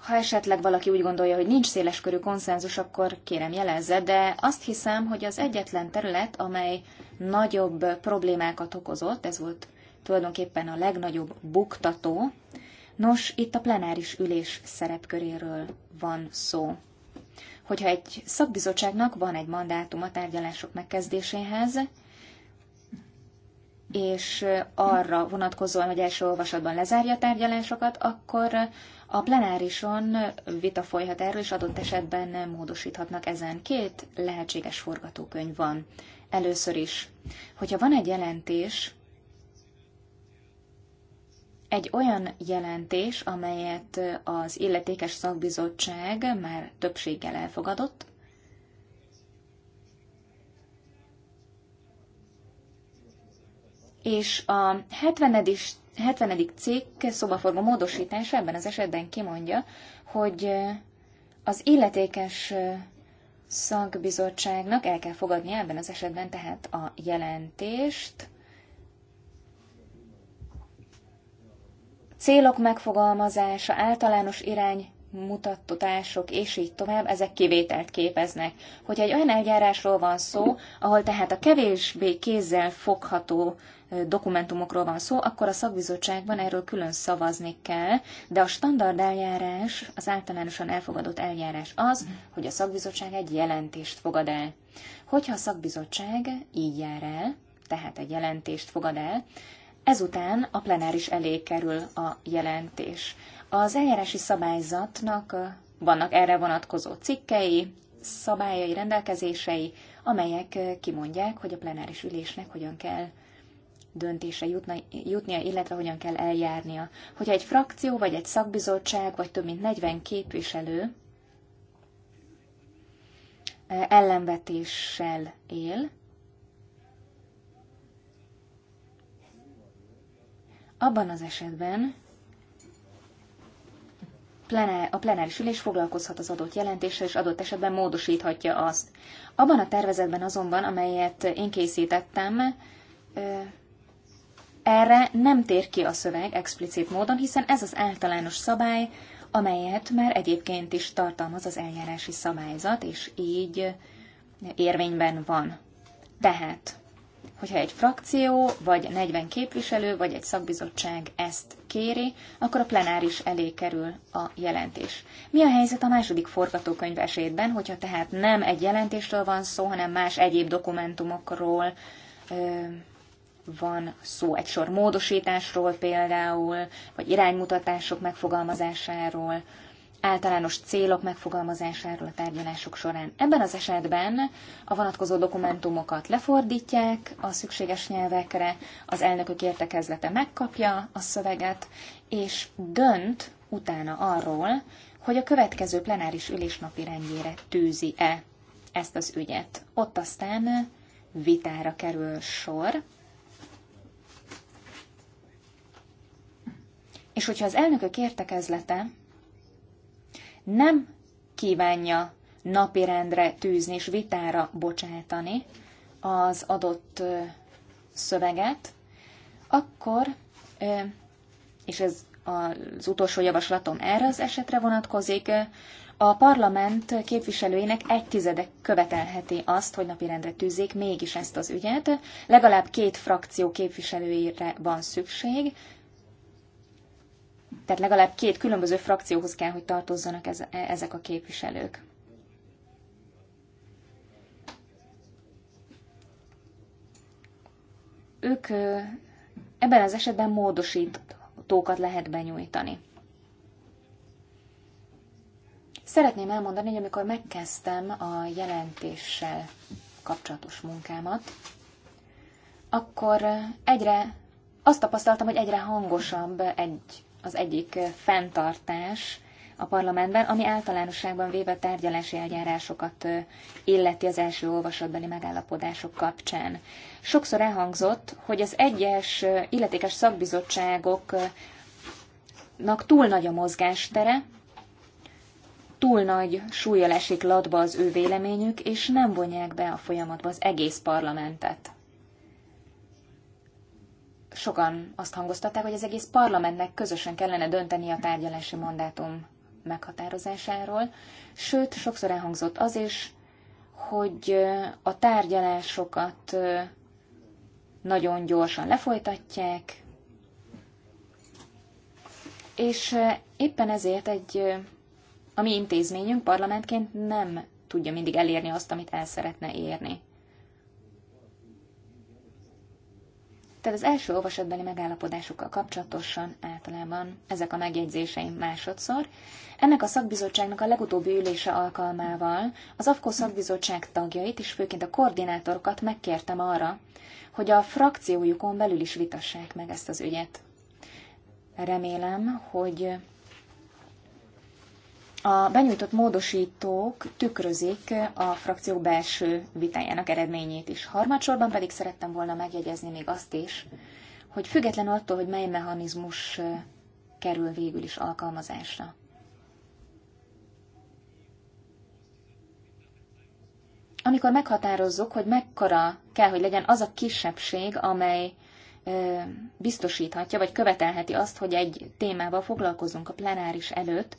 Ha esetleg valaki úgy gondolja, hogy nincs széleskörű konszenzus, akkor kérem jelezze, de azt hiszem, hogy az egyetlen terület, amely nagyobb problémákat okozott, ez volt tulajdonképpen a legnagyobb buktató, Nos, itt a plenáris ülés szerepköréről van szó. Hogyha egy szakbizottságnak van egy mandátum a tárgyalások megkezdéséhez, és arra vonatkozóan, hogy első olvasatban lezárja a tárgyalásokat, akkor a plenárison vita folyhat erről, és adott esetben módosíthatnak ezen. Két lehetséges forgatókönyv van. Először is, hogyha van egy jelentés, egy olyan jelentés, amelyet az illetékes szakbizottság már többséggel elfogadott, és a 70. 70. cikk szobaforma módosítása ebben az esetben kimondja, hogy az illetékes szakbizottságnak el kell fogadnia ebben az esetben tehát a jelentést, célok megfogalmazása, általános irány, mutattatások, és így tovább, ezek kivételt képeznek. Hogyha egy olyan eljárásról van szó, ahol tehát a kevésbé kézzel fogható dokumentumokról van szó, akkor a szakbizottságban erről külön szavazni kell, de a standard eljárás, az általánosan elfogadott eljárás az, hogy a szakbizottság egy jelentést fogad el. Hogyha a szakbizottság így jár el, tehát egy jelentést fogad el, Ezután a plenáris elé kerül a jelentés. Az eljárási szabályzatnak vannak erre vonatkozó cikkei, szabályai, rendelkezései, amelyek kimondják, hogy a plenáris ülésnek hogyan kell döntése jutna, jutnia, illetve hogyan kell eljárnia. Hogyha egy frakció, vagy egy szakbizottság, vagy több mint 40 képviselő ellenvetéssel él, Abban az esetben a plenáris ülés foglalkozhat az adott jelentéssel, és adott esetben módosíthatja azt. Abban a tervezetben azonban, amelyet én készítettem, erre nem tér ki a szöveg explicit módon, hiszen ez az általános szabály, amelyet már egyébként is tartalmaz az eljárási szabályzat, és így érvényben van. Tehát hogyha egy frakció, vagy 40 képviselő, vagy egy szakbizottság ezt kéri, akkor a plenáris elé kerül a jelentés. Mi a helyzet a második forgatókönyv esétben, hogyha tehát nem egy jelentésről van szó, hanem más egyéb dokumentumokról ö, van szó, egy sor módosításról például, vagy iránymutatások megfogalmazásáról, általános célok megfogalmazásáról a tárgyalások során. Ebben az esetben a vonatkozó dokumentumokat lefordítják a szükséges nyelvekre, az elnökök értekezlete megkapja a szöveget, és dönt utána arról, hogy a következő plenáris ülés napi rendjére tűzi-e ezt az ügyet. Ott aztán vitára kerül sor, és hogyha az elnökök értekezlete nem kívánja napirendre tűzni és vitára bocsátani az adott szöveget, akkor, és ez az utolsó javaslatom erre az esetre vonatkozik, a parlament képviselőinek egy tizedek követelheti azt, hogy napirendre tűzzék mégis ezt az ügyet. Legalább két frakció képviselőire van szükség, tehát legalább két különböző frakcióhoz kell, hogy tartozzanak ez, e, ezek a képviselők. Ők ebben az esetben módosítókat lehet benyújtani. Szeretném elmondani, hogy amikor megkezdtem a jelentéssel kapcsolatos munkámat, akkor egyre azt tapasztaltam, hogy egyre hangosabb egy az egyik fenntartás a parlamentben, ami általánosságban véve tárgyalási eljárásokat illeti az első olvasatbeli megállapodások kapcsán. Sokszor elhangzott, hogy az egyes illetékes szakbizottságoknak túl nagy a mozgástere, túl nagy súlyjal esik latba az ő véleményük, és nem vonják be a folyamatba az egész parlamentet sokan azt hangoztatták, hogy az egész parlamentnek közösen kellene dönteni a tárgyalási mandátum meghatározásáról, sőt, sokszor elhangzott az is, hogy a tárgyalásokat nagyon gyorsan lefolytatják, és éppen ezért egy a mi intézményünk parlamentként nem tudja mindig elérni azt, amit el szeretne érni. Tehát az első olvasatbeli megállapodásokkal kapcsolatosan általában ezek a megjegyzéseim másodszor. Ennek a szakbizottságnak a legutóbbi ülése alkalmával az AFKO szakbizottság tagjait és főként a koordinátorokat megkértem arra, hogy a frakciójukon belül is vitassák meg ezt az ügyet. Remélem, hogy a benyújtott módosítók tükrözik a frakció belső vitájának eredményét is. Harmadsorban pedig szerettem volna megjegyezni még azt is, hogy függetlenül attól, hogy mely mechanizmus kerül végül is alkalmazásra. Amikor meghatározzuk, hogy mekkora kell, hogy legyen az a kisebbség, amely biztosíthatja, vagy követelheti azt, hogy egy témával foglalkozunk a plenáris előtt,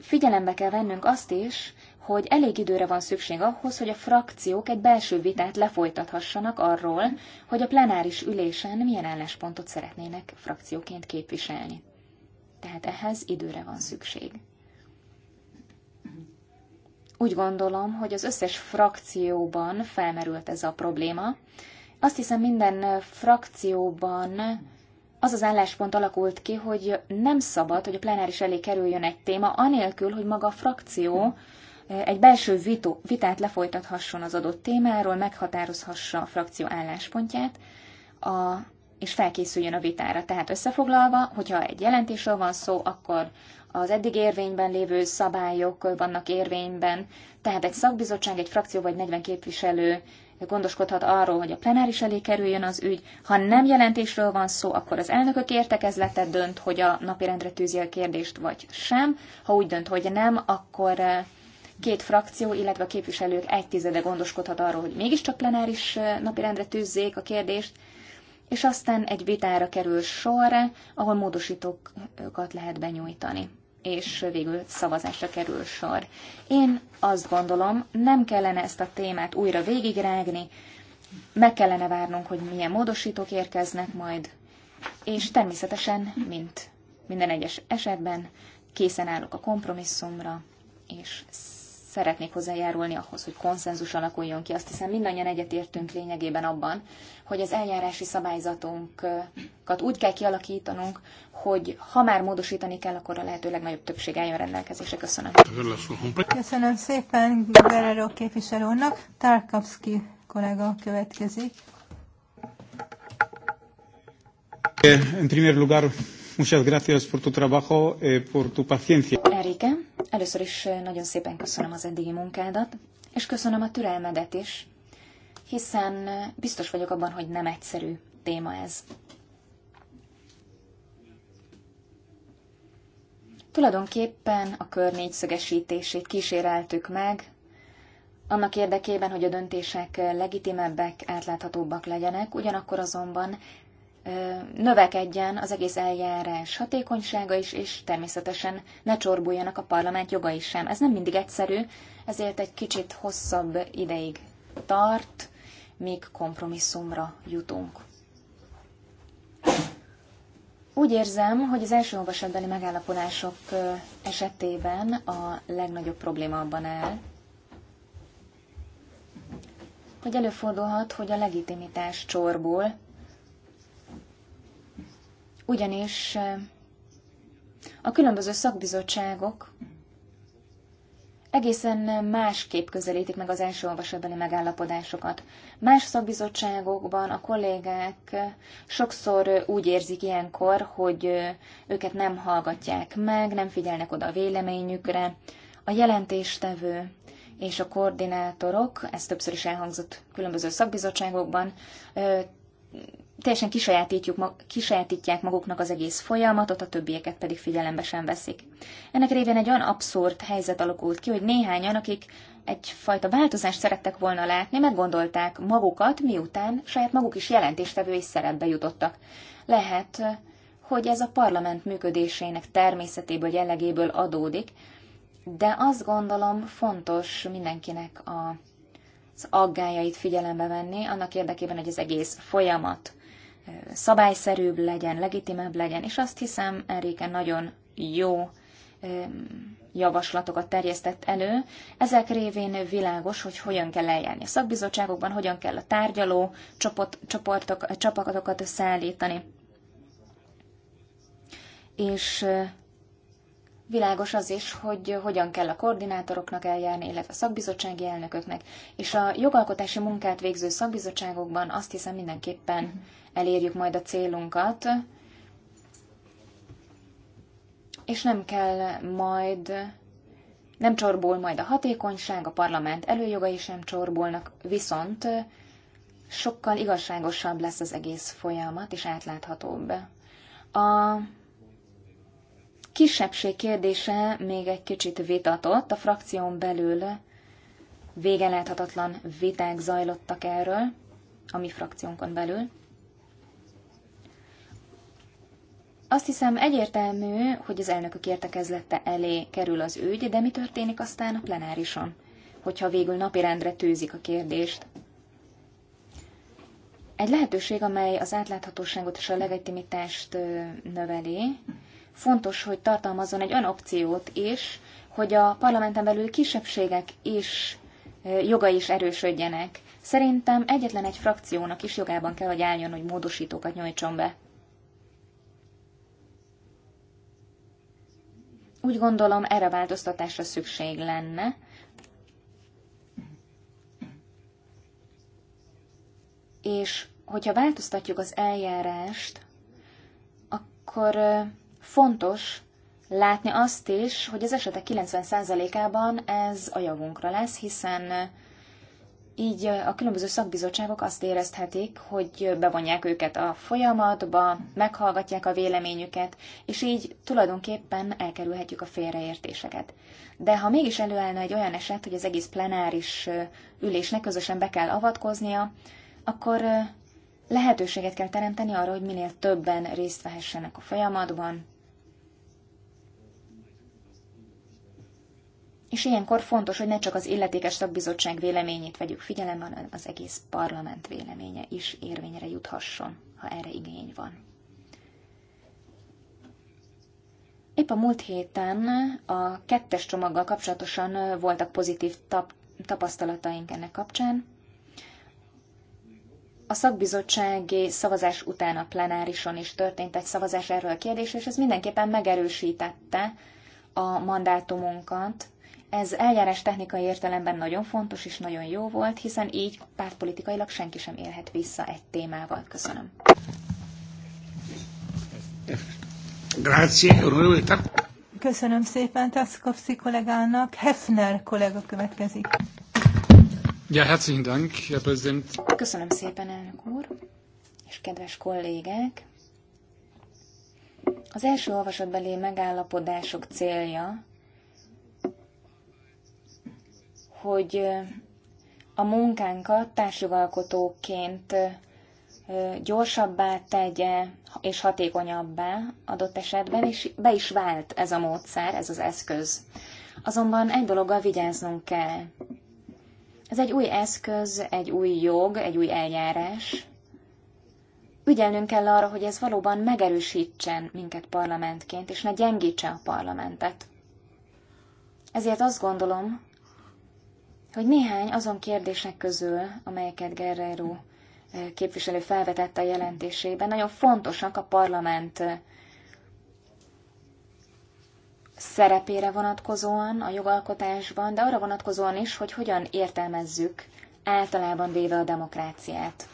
figyelembe kell vennünk azt is, hogy elég időre van szükség ahhoz, hogy a frakciók egy belső vitát lefolytathassanak arról, hogy a plenáris ülésen milyen álláspontot szeretnének frakcióként képviselni. Tehát ehhez időre van szükség. Úgy gondolom, hogy az összes frakcióban felmerült ez a probléma. Azt hiszem, minden frakcióban az az álláspont alakult ki, hogy nem szabad, hogy a plenáris elé kerüljön egy téma, anélkül, hogy maga a frakció egy belső vitó, vitát lefolytathasson az adott témáról, meghatározhassa a frakció álláspontját, a, és felkészüljön a vitára. Tehát összefoglalva, hogyha egy jelentésről van szó, akkor az eddig érvényben lévő szabályok vannak érvényben, tehát egy szakbizottság, egy frakció vagy 40 képviselő gondoskodhat arról, hogy a plenáris elé kerüljön az ügy. Ha nem jelentésről van szó, akkor az elnökök értekezlete dönt, hogy a napirendre tűzi a kérdést, vagy sem. Ha úgy dönt, hogy nem, akkor eh, két frakció, illetve a képviselők egy tizede gondoskodhat arról, hogy mégiscsak plenáris eh, napirendre tűzzék a kérdést, és aztán egy vitára kerül sor, eh, ahol módosítókat lehet benyújtani és végül szavazásra kerül sor. Én azt gondolom, nem kellene ezt a témát újra végigrágni, meg kellene várnunk, hogy milyen módosítók érkeznek majd, és természetesen, mint minden egyes esetben, készen állok a kompromisszumra, és szeretnék hozzájárulni ahhoz, hogy konszenzus alakuljon ki. Azt hiszem mindannyian egyetértünk lényegében abban, hogy az eljárási szabályzatunkat úgy kell kialakítanunk, hogy ha már módosítani kell, akkor a lehető legnagyobb többség álljon rendelkezésre. Köszönöm. Köszönöm szépen Guerrero képviselő Tarkovsky kollega következik. En primer lugar, muchas gracias por tu trabajo, eh, por tu paciencia. Enrique. Először is eh, nagyon szépen köszönöm az eddigi munkádat, és köszönöm a türelmedet is, hiszen eh, biztos vagyok abban, hogy nem egyszerű téma ez. Tulajdonképpen a kör négyszögesítését kíséreltük meg, annak érdekében, hogy a döntések eh, legitimebbek, átláthatóbbak legyenek, ugyanakkor azonban növekedjen az egész eljárás hatékonysága is, és természetesen ne csorbuljanak a parlament jogai sem. Ez nem mindig egyszerű, ezért egy kicsit hosszabb ideig tart, míg kompromisszumra jutunk. Úgy érzem, hogy az első olvasatbeli megállapodások esetében a legnagyobb probléma abban áll, hogy előfordulhat, hogy a legitimitás csorból ugyanis a különböző szakbizottságok egészen másképp közelítik meg az első olvasatbeli megállapodásokat. Más szakbizottságokban a kollégák sokszor úgy érzik ilyenkor, hogy őket nem hallgatják meg, nem figyelnek oda a véleményükre. A jelentéstevő és a koordinátorok, ez többször is elhangzott különböző szakbizottságokban, teljesen kisajátítjuk, kisajátítják maguknak az egész folyamatot, a többieket pedig figyelembe sem veszik. Ennek révén egy olyan abszurd helyzet alakult ki, hogy néhányan, akik egyfajta változást szerettek volna látni, meggondolták magukat, miután saját maguk is és szerepbe jutottak. Lehet, hogy ez a parlament működésének természetéből, jellegéből adódik, de azt gondolom fontos mindenkinek a az aggájait figyelembe venni, annak érdekében, hogy az egész folyamat szabályszerűbb legyen, legitimebb legyen, és azt hiszem, Enrique nagyon jó javaslatokat terjesztett elő. Ezek révén világos, hogy hogyan kell eljárni a szakbizottságokban, hogyan kell a tárgyaló csoport, csoportok, csapatokat összeállítani. És világos az is, hogy hogyan kell a koordinátoroknak eljárni, illetve a szakbizottsági elnököknek. És a jogalkotási munkát végző szakbizottságokban azt hiszem mindenképpen elérjük majd a célunkat, és nem kell majd, nem csorból majd a hatékonyság, a parlament előjogai sem csorbolnak, viszont sokkal igazságosabb lesz az egész folyamat, és átláthatóbb. A kisebbség kérdése még egy kicsit vitatott, a frakción belül végeláthatatlan viták zajlottak erről, a mi frakciónkon belül. Azt hiszem egyértelmű, hogy az elnökök értekezlete elé kerül az ügy, de mi történik aztán a plenárison, hogyha végül napirendre tűzik a kérdést? Egy lehetőség, amely az átláthatóságot és a legitimitást növeli, fontos, hogy tartalmazzon egy olyan opciót is, hogy a parlamenten belül kisebbségek is jogai is erősödjenek. Szerintem egyetlen egy frakciónak is jogában kell, hogy álljon, hogy módosítókat nyújtson be. Úgy gondolom, erre változtatásra szükség lenne. És hogyha változtatjuk az eljárást, akkor fontos látni azt is, hogy az esetek 90%-ában ez a javunkra lesz, hiszen így a különböző szakbizottságok azt érezhetik, hogy bevonják őket a folyamatba, meghallgatják a véleményüket, és így tulajdonképpen elkerülhetjük a félreértéseket. De ha mégis előállna egy olyan eset, hogy az egész plenáris ülésnek közösen be kell avatkoznia, akkor lehetőséget kell teremteni arra, hogy minél többen részt vehessenek a folyamatban, és ilyenkor fontos, hogy ne csak az illetékes szakbizottság véleményét vegyük figyelembe, hanem az egész parlament véleménye is érvényre juthasson, ha erre igény van. Épp a múlt héten a kettes csomaggal kapcsolatosan voltak pozitív tap- tapasztalataink ennek kapcsán. A szakbizottsági szavazás után a plenárison is történt egy szavazás erről a kérdésre, és ez mindenképpen megerősítette a mandátumunkat, ez eljárás technikai értelemben nagyon fontos és nagyon jó volt, hiszen így pártpolitikailag senki sem élhet vissza egy témával. Köszönöm. Köszönöm szépen Taszkovszi kollégának. Hefner kollega következik. Ja, herzlichen Dank, Herr Präsident. Köszönöm szépen, elnök úr, és kedves kollégák. Az első olvasatbeli megállapodások célja hogy a munkánkat társjogalkotóként gyorsabbá tegye és hatékonyabbá adott esetben, és be is vált ez a módszer, ez az eszköz. Azonban egy dologgal vigyáznunk kell. Ez egy új eszköz, egy új jog, egy új eljárás. Ügyelnünk kell arra, hogy ez valóban megerősítsen minket parlamentként, és ne gyengítse a parlamentet. Ezért azt gondolom, hogy néhány azon kérdések közül, amelyeket Guerrero eh, képviselő felvetett a jelentésében, nagyon fontosak a parlament eh, szerepére vonatkozóan a jogalkotásban, de arra vonatkozóan is, hogy hogyan értelmezzük általában véve a demokráciát.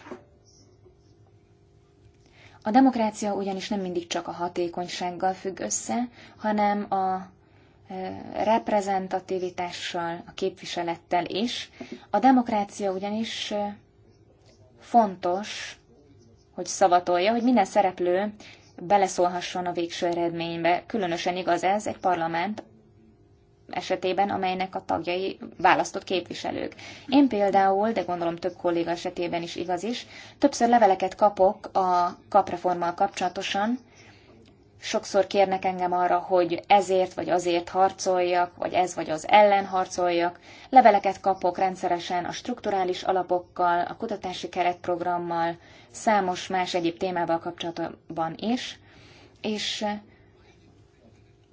A demokrácia ugyanis nem mindig csak a hatékonysággal függ össze, hanem a reprezentativitással, a képviselettel is. A demokrácia ugyanis fontos, hogy szavatolja, hogy minden szereplő beleszólhasson a végső eredménybe. Különösen igaz ez egy parlament esetében, amelynek a tagjai választott képviselők. Én például, de gondolom több kolléga esetében is igaz is, többször leveleket kapok a kapreformmal kapcsolatosan, sokszor kérnek engem arra, hogy ezért vagy azért harcoljak, vagy ez vagy az ellen harcoljak. Leveleket kapok rendszeresen a strukturális alapokkal, a kutatási keretprogrammal, számos más egyéb témával kapcsolatban is, és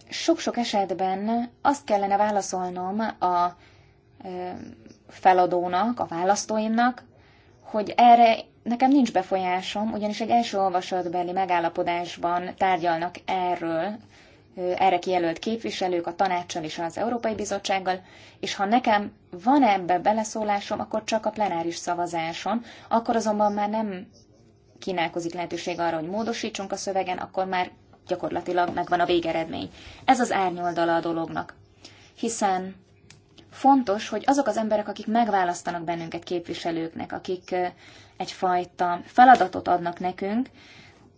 sok-sok esetben azt kellene válaszolnom a feladónak, a választóimnak, hogy erre nekem nincs befolyásom, ugyanis egy első olvasatbeli megállapodásban tárgyalnak erről, erre kijelölt képviselők a tanácssal és az Európai Bizottsággal, és ha nekem van ebbe beleszólásom, akkor csak a plenáris szavazáson, akkor azonban már nem kínálkozik lehetőség arra, hogy módosítsunk a szövegen, akkor már gyakorlatilag megvan a végeredmény. Ez az árnyoldala a dolognak. Hiszen fontos, hogy azok az emberek, akik megválasztanak bennünket képviselőknek, akik egyfajta feladatot adnak nekünk,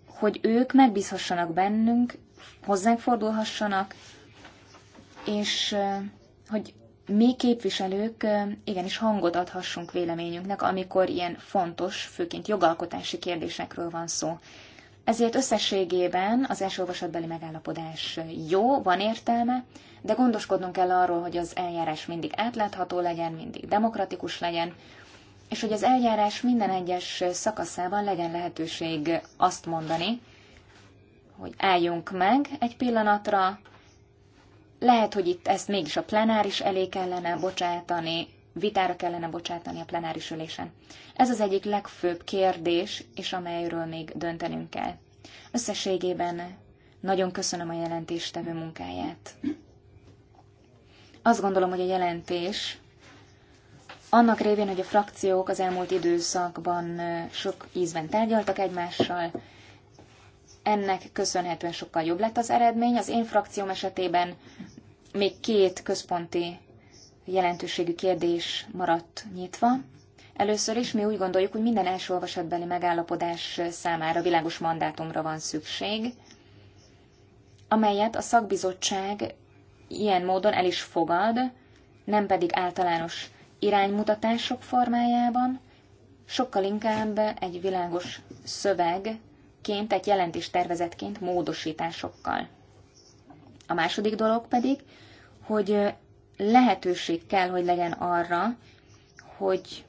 hogy ők megbízhassanak bennünk, hozzánk fordulhassanak, és hogy mi képviselők igenis hangot adhassunk véleményünknek, amikor ilyen fontos, főként jogalkotási kérdésekről van szó. Ezért összességében az első olvasatbeli megállapodás jó, van értelme, de gondoskodnunk kell arról, hogy az eljárás mindig átlátható legyen, mindig demokratikus legyen, és hogy az eljárás minden egyes szakaszában legyen lehetőség azt mondani, hogy álljunk meg egy pillanatra, lehet, hogy itt ezt mégis a plenáris elé kellene bocsátani, vitára kellene bocsátani a plenáris ülésen. Ez az egyik legfőbb kérdés, és amelyről még döntenünk kell. Összességében nagyon köszönöm a jelentéstevő munkáját. Azt gondolom, hogy a jelentés annak révén, hogy a frakciók az elmúlt időszakban sok ízben tárgyaltak egymással, ennek köszönhetően sokkal jobb lett az eredmény. Az én frakcióm esetében még két központi jelentőségű kérdés maradt nyitva. Először is mi úgy gondoljuk, hogy minden első olvasatbeli megállapodás számára világos mandátumra van szükség, amelyet a szakbizottság ilyen módon el is fogad, nem pedig általános iránymutatások formájában, sokkal inkább egy világos szövegként, egy tervezetként módosításokkal. A második dolog pedig, hogy lehetőség kell, hogy legyen arra, hogy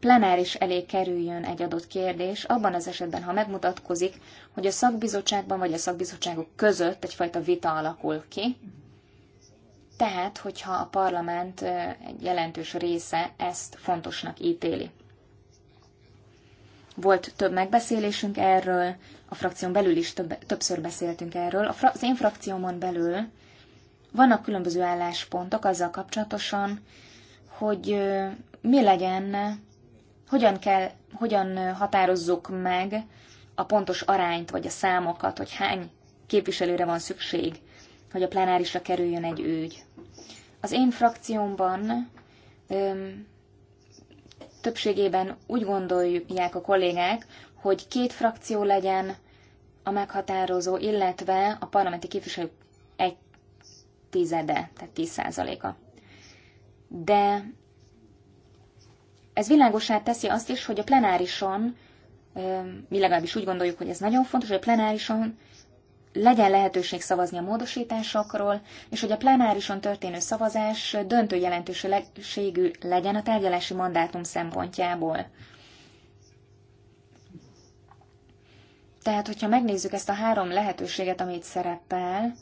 plenáris elé kerüljön egy adott kérdés, abban az esetben, ha megmutatkozik, hogy a szakbizottságban vagy a szakbizottságok között egyfajta vita alakul ki, tehát hogyha a parlament egy jelentős része ezt fontosnak ítéli. Volt több megbeszélésünk erről, a frakción belül is több, többször beszéltünk erről. A fra- az én frakciómon belül vannak különböző álláspontok azzal kapcsolatosan, hogy mi legyen, hogyan, kell, hogyan határozzuk meg a pontos arányt vagy a számokat, hogy hány képviselőre van szükség hogy a plenárisra kerüljön egy ügy. Az én frakciómban öm, többségében úgy gondolják a kollégák, hogy két frakció legyen a meghatározó, illetve a parlamenti képviselők egy tizede, tehát tíz százaléka. De ez világosá teszi azt is, hogy a plenárison, mi legalábbis úgy gondoljuk, hogy ez nagyon fontos, hogy a plenárison legyen lehetőség szavazni a módosításokról, és hogy a plenárison történő szavazás döntő jelentőségű legyen a tárgyalási mandátum szempontjából. Tehát, hogyha megnézzük ezt a három lehetőséget, amit szerepel,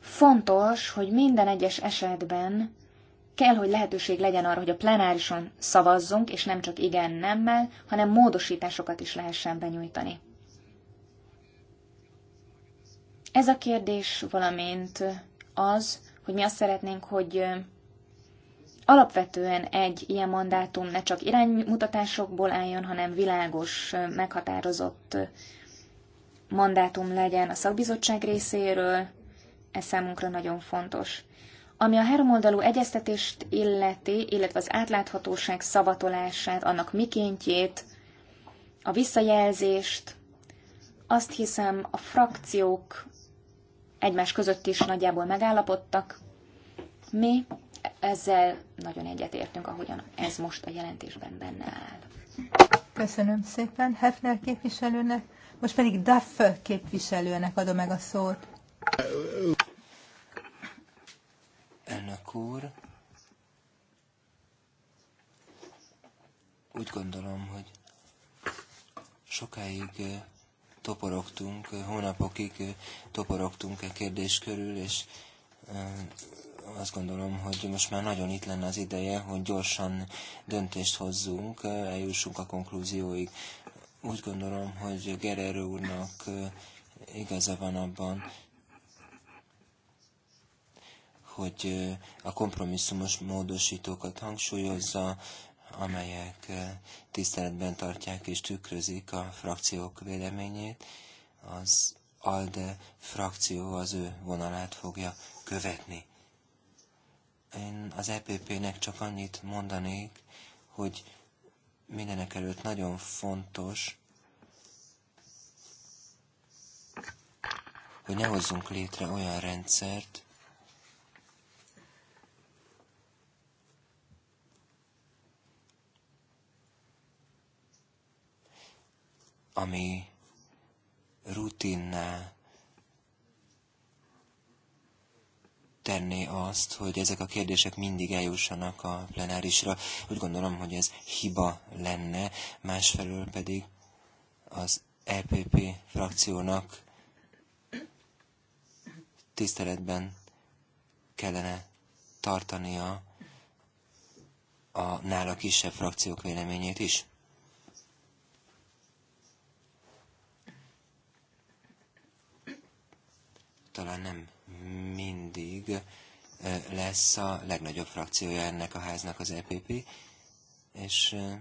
fontos, hogy minden egyes esetben kell, hogy lehetőség legyen arra, hogy a plenárison szavazzunk, és nem csak igen-nemmel, hanem módosításokat is lehessen benyújtani. Ez a kérdés, valamint az, hogy mi azt szeretnénk, hogy alapvetően egy ilyen mandátum ne csak iránymutatásokból álljon, hanem világos, meghatározott mandátum legyen a szakbizottság részéről, ez számunkra nagyon fontos. Ami a háromoldalú egyeztetést illeti, illetve az átláthatóság szavatolását, annak mikéntjét, a visszajelzést, azt hiszem a frakciók egymás között is nagyjából megállapodtak. Mi ezzel nagyon egyetértünk, ahogyan ez most a jelentésben benne áll. Köszönöm szépen Hefner képviselőnek, most pedig Duff képviselőnek adom meg a szót. Elnök úr, úgy gondolom, hogy sokáig eh, toporogtunk, hónapokig toporogtunk e kérdés körül, és azt gondolom, hogy most már nagyon itt lenne az ideje, hogy gyorsan döntést hozzunk, eljussunk a konklúzióig. Úgy gondolom, hogy Gerer úrnak igaza van abban, hogy a kompromisszumos módosítókat hangsúlyozza, amelyek tiszteletben tartják és tükrözik a frakciók véleményét, az ALDE frakció az ő vonalát fogja követni. Én az EPP-nek csak annyit mondanék, hogy mindenek előtt nagyon fontos, hogy ne hozzunk létre olyan rendszert, ami rutinná tenné azt, hogy ezek a kérdések mindig eljussanak a plenárisra. Úgy gondolom, hogy ez hiba lenne, másfelől pedig az EPP frakciónak tiszteletben kellene tartania a nála kisebb frakciók véleményét is. talán nem mindig eh, lesz a legnagyobb frakciója ennek a háznak az EPP, és eh,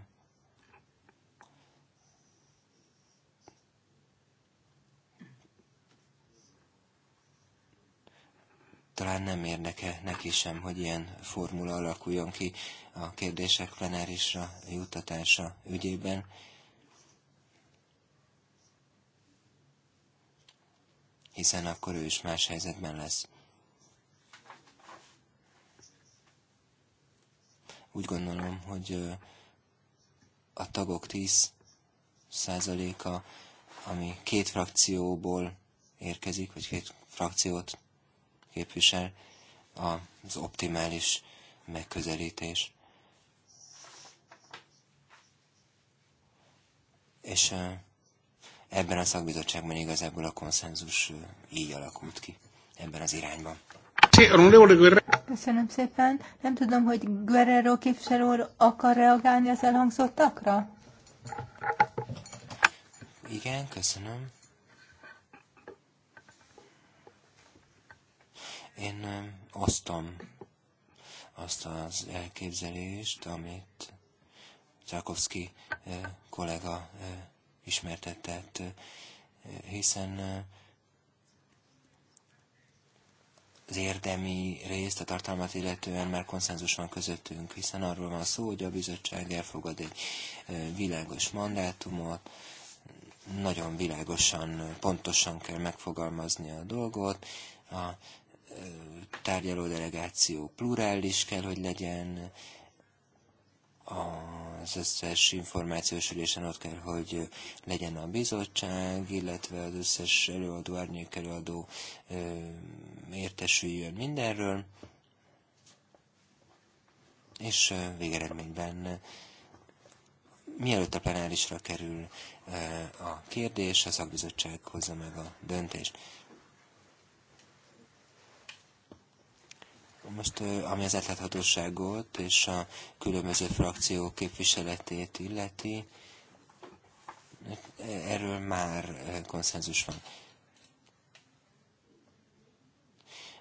talán nem érdeke neki sem, hogy ilyen formula alakuljon ki a kérdések plenárisra juttatása ügyében. hiszen akkor ő is más helyzetben lesz. Úgy gondolom, hogy a tagok 10 százaléka, ami két frakcióból érkezik, vagy két frakciót képvisel, az optimális megközelítés. És Ebben a szakbizottságban igazából a konszenzus így alakult ki ebben az irányban. Köszönöm szépen. Nem tudom, hogy Guerrero képviselő úr akar reagálni az elhangzottakra? Igen, köszönöm. Én osztom azt az elképzelést, amit Csakovszki kollega ismertetett, hiszen az érdemi részt, a tartalmat illetően már konszenzus van közöttünk, hiszen arról van szó, hogy a bizottság elfogad egy világos mandátumot, nagyon világosan, pontosan kell megfogalmazni a dolgot, a tárgyaló delegáció plurális kell, hogy legyen, az összes információs ülésen ott kell, hogy legyen a bizottság, illetve az összes előadó, árnyék előadó értesüljön mindenről, és végeredményben mielőtt a plenárisra kerül a kérdés, a szakbizottság hozza meg a döntést. Most ami az átláthatóságot és a különböző frakciók képviseletét illeti, erről már konszenzus van.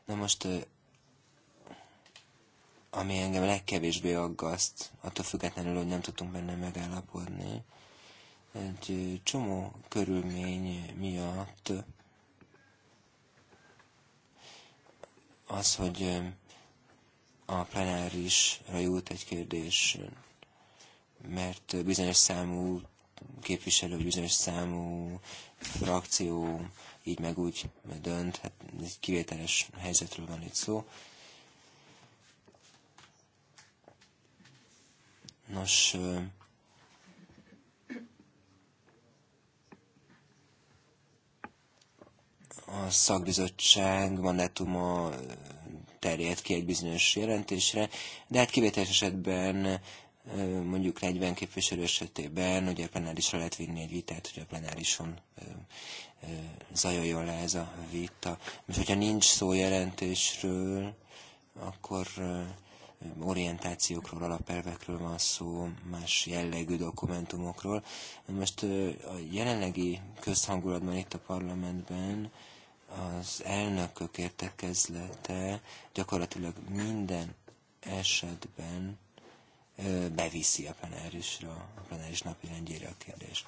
Na most, ami engem legkevésbé aggaszt, attól függetlenül, hogy nem tudtunk benne megállapodni, egy csomó körülmény miatt az, hogy a plenárisra jut egy kérdés, mert bizonyos számú képviselő, bizonyos számú frakció így meg úgy dönt, hát egy kivételes helyzetről van itt szó. Nos, a szakbizottság mandátuma terjed ki egy bizonyos jelentésre, de hát kivételes esetben mondjuk 40 képviselő esetében, ugye plenárisra lehet vinni egy vitát, hogy a plenárison zajoljon le ez a vita. Most, hogyha nincs szó jelentésről, akkor orientációkról, alapelvekről van szó, más jellegű dokumentumokról. Most a jelenlegi közhangulatban itt a parlamentben az elnökök értekezlete gyakorlatilag minden esetben beviszi a plenárisra, a plenáris napi rendjére a kérdést.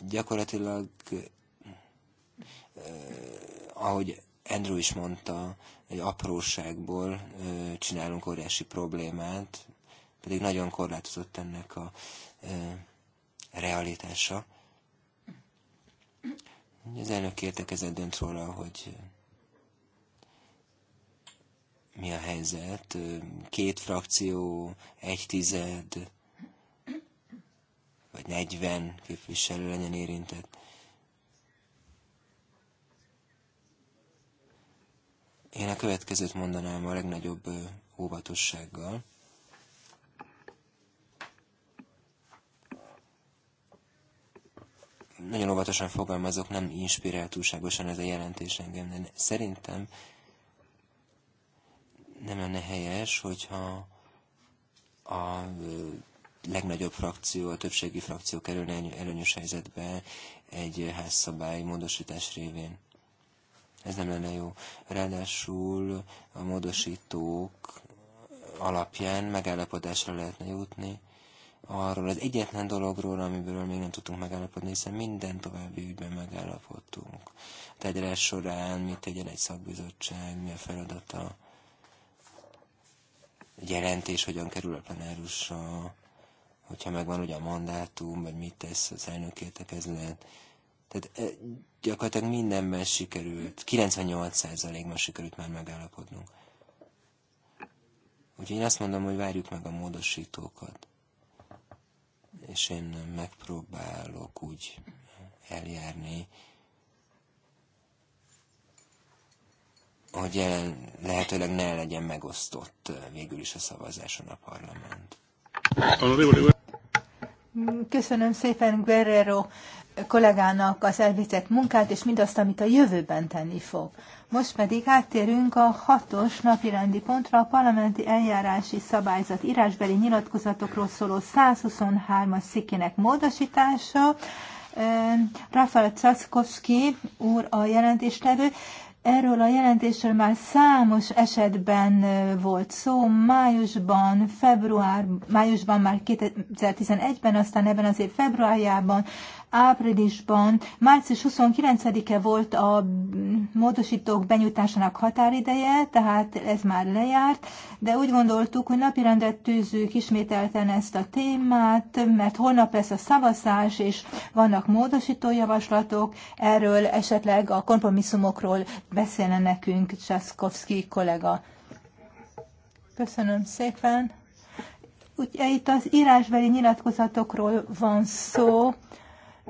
Gyakorlatilag, ahogy Andrew is mondta, egy apróságból csinálunk óriási problémát, pedig nagyon korlátozott ennek a realitása. Az elnök értekezett dönt róla, hogy mi a helyzet. Két frakció, egy tized, vagy 40 képviselő legyen érintett. Én a következőt mondanám a legnagyobb óvatossággal. nagyon óvatosan fogalmazok, nem inspirál túlságosan ez a jelentés engem, de szerintem nem lenne helyes, hogyha a legnagyobb frakció, a többségi frakció kerülne előnyös helyzetbe egy házszabály módosítás révén. Ez nem lenne jó. Ráadásul a módosítók alapján megállapodásra lehetne jutni, arról az egyetlen dologról, amiből még nem tudtunk megállapodni, hiszen minden további ügyben megállapodtunk. A során mit tegyen egy szakbizottság, mi a feladata, egy jelentés hogyan kerül a plenárusra, hogyha megvan ugye a mandátum, vagy mit tesz az értekezlet. Tehát e, gyakorlatilag mindenben sikerült, 98%-ban sikerült már megállapodnunk. Úgyhogy én azt mondom, hogy várjuk meg a módosítókat és én megpróbálok úgy eljárni, hogy jelen lehetőleg ne legyen megosztott végül is a szavazáson a parlament. Köszönöm szépen, Guerrero kollégának az elvitett munkát, és mindazt, amit a jövőben tenni fog. Most pedig áttérünk a hatos napirendi pontra a parlamenti eljárási szabályzat írásbeli nyilatkozatokról szóló 123-as szikének módosítása. Rafael Czaszkowski úr a jelentéstevő. Erről a jelentésről már számos esetben volt szó, májusban, február, májusban már 2011-ben, aztán ebben az év februárjában, áprilisban, március 29-e volt a módosítók benyújtásának határideje, tehát ez már lejárt, de úgy gondoltuk, hogy napirendet tűzzük ismételten ezt a témát, mert holnap lesz a szavazás, és vannak módosító javaslatok, erről esetleg a kompromisszumokról beszélne nekünk Csaszkowski kollega. Köszönöm szépen! Ugye itt az írásbeli nyilatkozatokról van szó,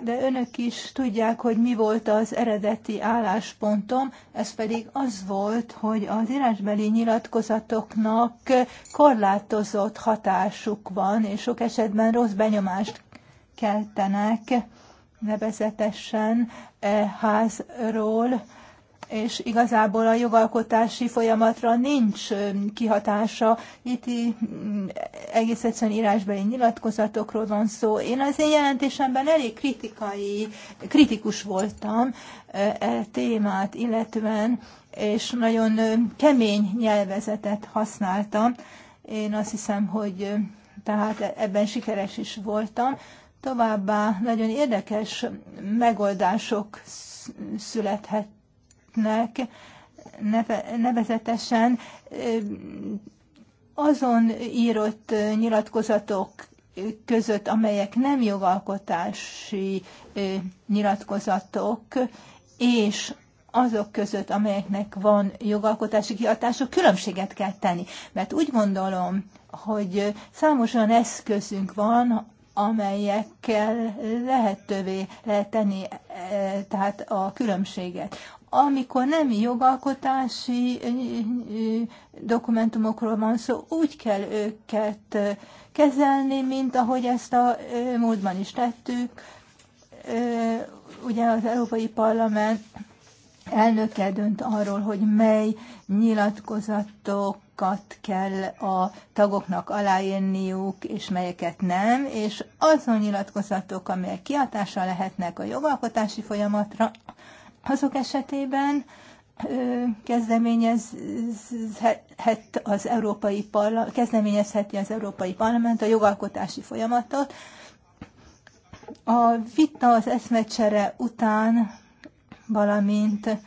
de önök is tudják, hogy mi volt az eredeti álláspontom, ez pedig az volt, hogy az írásbeli nyilatkozatoknak korlátozott hatásuk van, és sok esetben rossz benyomást keltenek nevezetesen e házról, és igazából a jogalkotási folyamatra nincs kihatása. Itt egész egyszerűen írásbeli nyilatkozatokról van szó. Én az én jelentésemben elég kritikai, kritikus voltam e témát illetően, és nagyon kemény nyelvezetet használtam. Én azt hiszem, hogy tehát e-, ebben sikeres is voltam. Továbbá nagyon érdekes megoldások születhet lépnek, nevezetesen azon írott nyilatkozatok között, amelyek nem jogalkotási nyilatkozatok, és azok között, amelyeknek van jogalkotási kiadások, különbséget kell tenni. Mert úgy gondolom, hogy számos olyan eszközünk van, amelyekkel lehetővé lehet tenni e, tehát a különbséget amikor nem jogalkotási dokumentumokról van szó, úgy kell őket kezelni, mint ahogy ezt a módban is tettük. Ugye az Európai Parlament elnöke dönt arról, hogy mely nyilatkozatokat kell a tagoknak aláírniuk, és melyeket nem, és azon nyilatkozatok, amelyek kiatása lehetnek a jogalkotási folyamatra, azok esetében kezdeményezhet az Európai Parlament, kezdeményezheti az Európai Parlament a jogalkotási folyamatot. A vita az eszmecsere után, valamint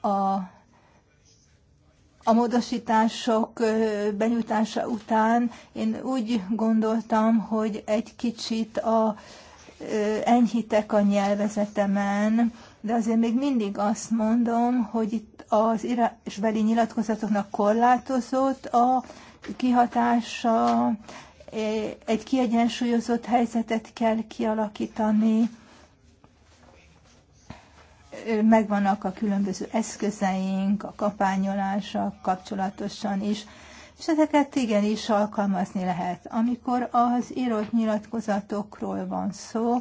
a, a módosítások benyújtása után én úgy gondoltam, hogy egy kicsit a, enyhitek a nyelvezetemen, de azért még mindig azt mondom, hogy itt az írásbeli nyilatkozatoknak korlátozott a kihatása, e, egy kiegyensúlyozott helyzetet kell kialakítani, e, megvannak a különböző eszközeink, a kapányolással kapcsolatosan is, és ezeket igenis alkalmazni lehet. Amikor az írott nyilatkozatokról van szó,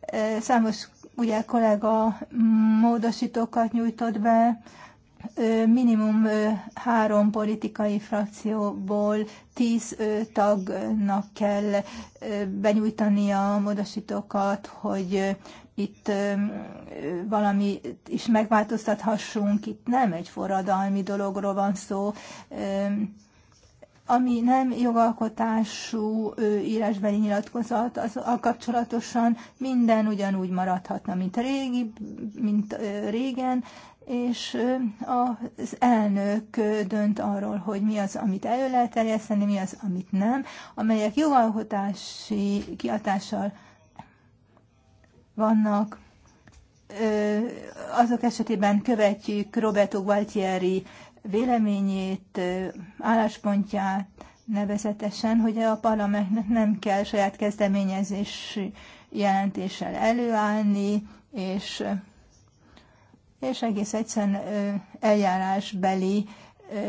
e, számos ugye kollega módosítókat nyújtott be, minimum három politikai frakcióból tíz tagnak kell benyújtani a módosítókat, hogy itt valami is megváltoztathassunk, itt nem egy forradalmi dologról van szó, ami nem jogalkotású írásbeli nyilatkozat, az a kapcsolatosan minden ugyanúgy maradhatna, mint régi, mint régen, és az elnök dönt arról, hogy mi az, amit elő lehet terjeszteni, mi az, amit nem, amelyek jogalkotási kiatással vannak. Azok esetében követjük Roberto Gualtieri véleményét, álláspontját, nevezetesen, hogy a parlamentnek nem kell saját kezdeményezés jelentéssel előállni, és, és egész egyszerűen eljárásbeli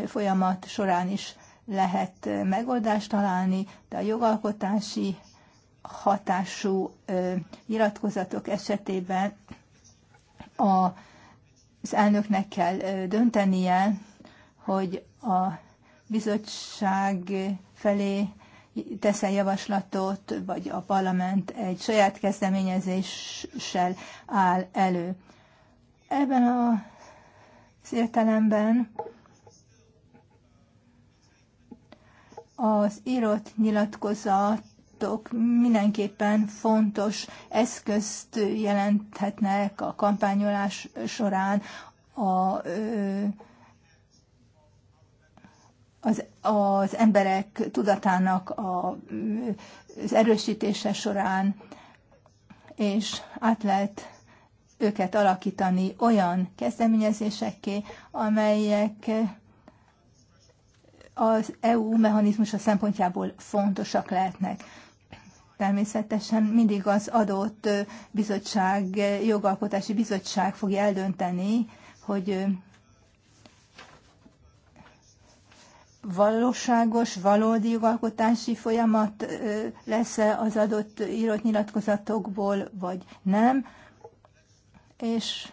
folyamat során is lehet megoldást találni, de a jogalkotási hatású iratkozatok esetében a, az elnöknek kell döntenie, hogy a bizottság felé teszel javaslatot, vagy a parlament egy saját kezdeményezéssel áll elő. Ebben az értelemben az írott nyilatkozatok mindenképpen fontos eszközt jelenthetnek a kampányolás során a az, az emberek tudatának a, az erősítése során, és át lehet őket alakítani olyan kezdeményezésekké, amelyek az EU mechanizmusa szempontjából fontosak lehetnek. Természetesen mindig az adott bizottság, jogalkotási bizottság fogja eldönteni, hogy valóságos, valódi jogalkotási folyamat lesz-e az adott írott nyilatkozatokból, vagy nem, és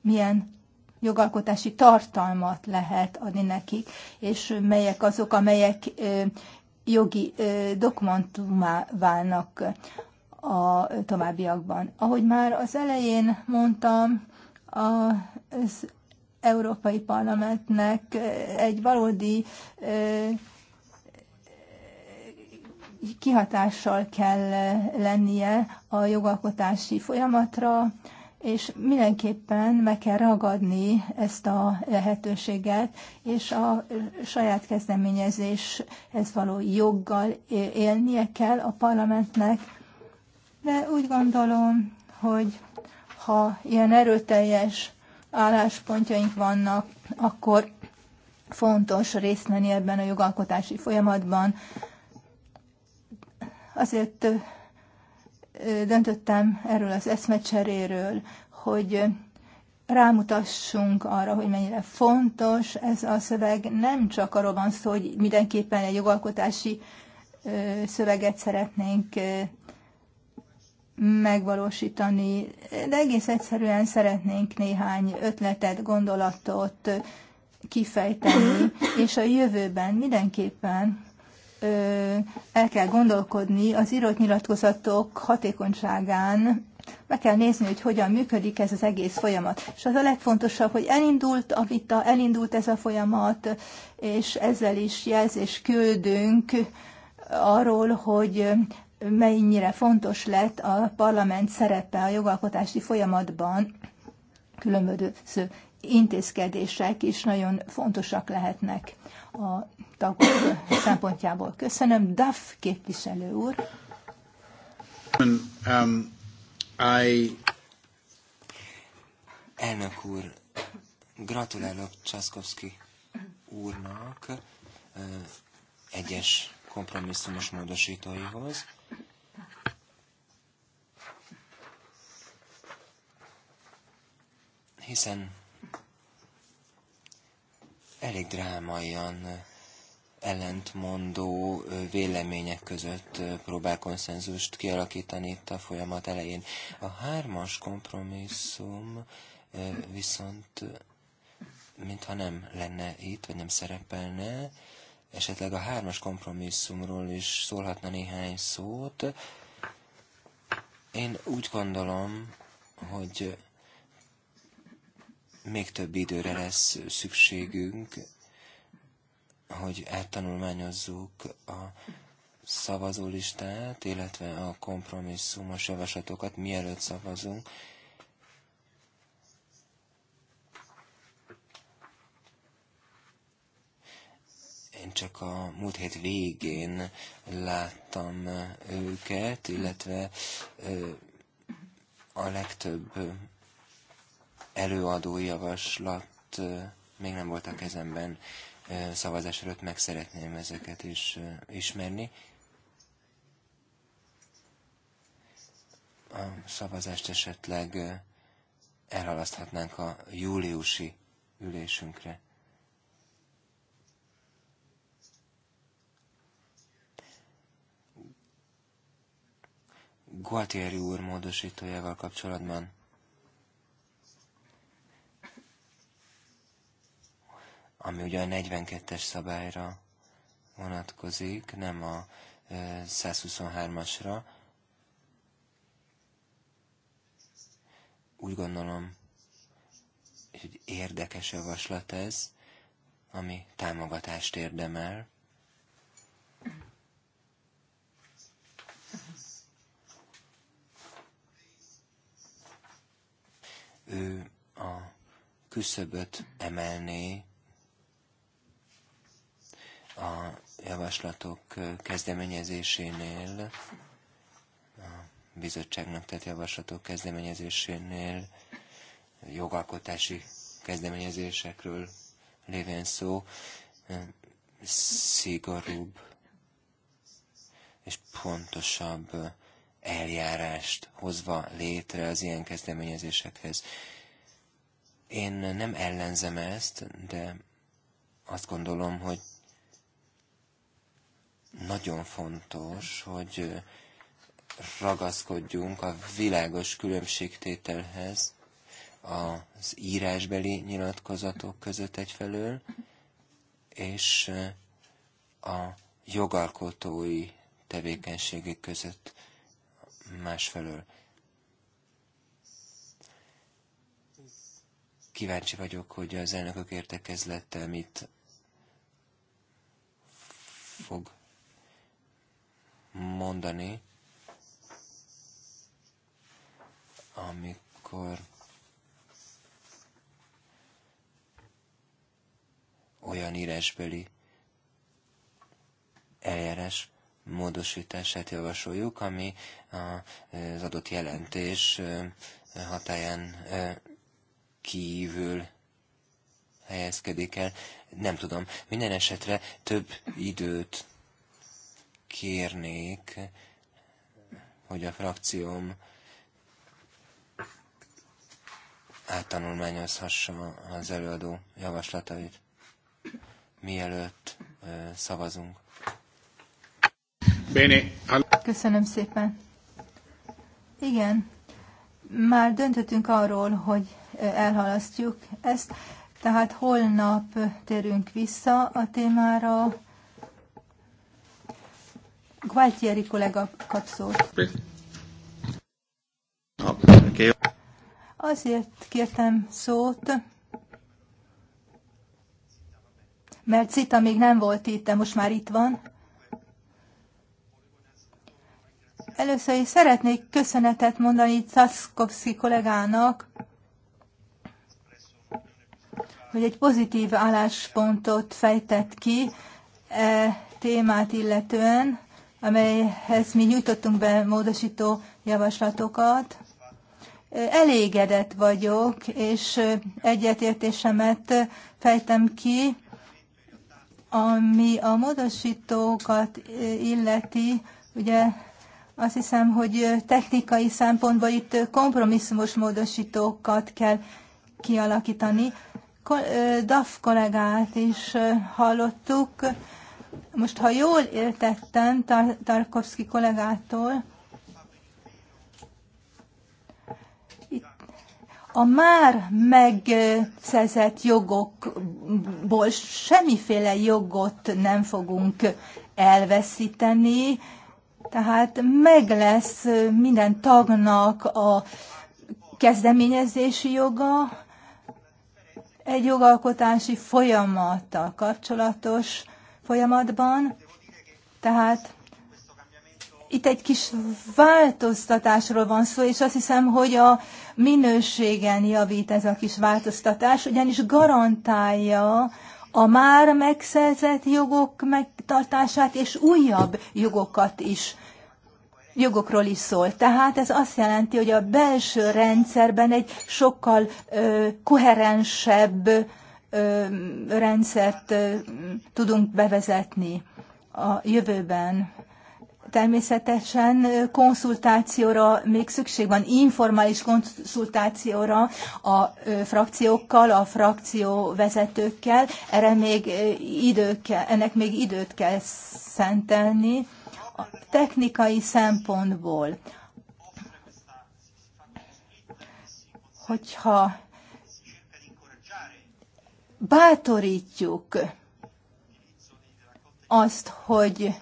milyen jogalkotási tartalmat lehet adni nekik, és melyek azok, amelyek jogi dokumentumá válnak a továbbiakban. Ahogy már az elején mondtam, az Európai Parlamentnek egy valódi kihatással kell lennie a jogalkotási folyamatra, és mindenképpen meg kell ragadni ezt a lehetőséget, és a saját kezdeményezéshez való joggal élnie kell a parlamentnek, de úgy gondolom, hogy ha ilyen erőteljes álláspontjaink vannak, akkor fontos részt venni ebben a jogalkotási folyamatban. Azért döntöttem erről az eszmecseréről, hogy rámutassunk arra, hogy mennyire fontos ez a szöveg. Nem csak arról van szó, hogy mindenképpen egy jogalkotási szöveget szeretnénk megvalósítani, de egész egyszerűen szeretnénk néhány ötletet, gondolatot kifejteni, és a jövőben mindenképpen ö, el kell gondolkodni az írott nyilatkozatok hatékonyságán, meg kell nézni, hogy hogyan működik ez az egész folyamat. És az a legfontosabb, hogy elindult a vita, elindult ez a folyamat, és ezzel is jelzés küldünk arról, hogy mennyire fontos lett a parlament szerepe a jogalkotási folyamatban, különböző intézkedések is nagyon fontosak lehetnek a tagok szempontjából. Köszönöm. DAF képviselő úr. Um, um, I... Elnök úr, gratulálok Csaszkowski úrnak egyes kompromisszumos módosítóihoz. hiszen elég drámaian ellentmondó vélemények között próbál konszenzust kialakítani itt a folyamat elején. A hármas kompromisszum viszont mintha nem lenne itt, vagy nem szerepelne, esetleg a hármas kompromisszumról is szólhatna néhány szót. Én úgy gondolom, hogy még több időre lesz szükségünk, hogy áttanulmányozzuk a szavazólistát, illetve a kompromisszumos javaslatokat, mielőtt szavazunk. Én csak a múlt hét végén láttam őket, illetve a legtöbb előadói javaslat még nem volt a kezemben szavazás előtt, meg szeretném ezeket is ismerni. A szavazást esetleg elhalaszthatnánk a júliusi ülésünkre. Gualtieri úr módosítójával kapcsolatban ami ugye a 42-es szabályra vonatkozik, nem a 123-asra. Úgy gondolom, hogy érdekes javaslat ez, ami támogatást érdemel. Ő a küszöböt emelné a javaslatok kezdeményezésénél, a bizottságnak tett javaslatok kezdeményezésénél, jogalkotási kezdeményezésekről lévén szó, szigorúbb és pontosabb eljárást hozva létre az ilyen kezdeményezésekhez. Én nem ellenzem ezt, de azt gondolom, hogy nagyon fontos, hogy ragaszkodjunk a világos különbségtételhez az írásbeli nyilatkozatok között egyfelől, és a jogalkotói tevékenységük között másfelől. Kíváncsi vagyok, hogy az elnökök értekezlettel mit fog mondani, amikor olyan írásbeli eljárás módosítását javasoljuk, ami az adott jelentés hatáján kívül helyezkedik el. Nem tudom. Minden esetre több időt kérnék, hogy a frakcióm áttanulmányozhassa az előadó javaslatait, mielőtt szavazunk. Köszönöm szépen. Igen, már döntöttünk arról, hogy elhalasztjuk ezt, tehát holnap térünk vissza a témára, Gualtieri kollega kap szót. Azért kértem szót, mert Cita még nem volt itt, de most már itt van. Először is szeretnék köszönetet mondani Czaszkowski kollégának, hogy egy pozitív álláspontot fejtett ki e témát illetően amelyhez mi nyújtottunk be módosító javaslatokat. Elégedett vagyok, és egyetértésemet fejtem ki, ami a módosítókat illeti, ugye azt hiszem, hogy technikai szempontból itt kompromisszumos módosítókat kell kialakítani. DAF kollégát is hallottuk, most, ha jól értettem Tar- Tarkovsky kollégától, a már megszerzett jogokból semmiféle jogot nem fogunk elveszíteni, tehát meg lesz minden tagnak a kezdeményezési joga, egy jogalkotási folyamattal kapcsolatos folyamatban, tehát itt egy kis változtatásról van szó, és azt hiszem, hogy a minőségen javít ez a kis változtatás, ugyanis garantálja a már megszerzett jogok megtartását és újabb jogokat is jogokról is szól. Tehát ez azt jelenti, hogy a belső rendszerben egy sokkal ö, koherensebb rendszert tudunk bevezetni a jövőben. Természetesen konszultációra még szükség van, informális konszultációra a frakciókkal, a frakció vezetőkkel. Erre még idő kell, ennek még időt kell szentelni. A technikai szempontból, hogyha bátorítjuk azt, hogy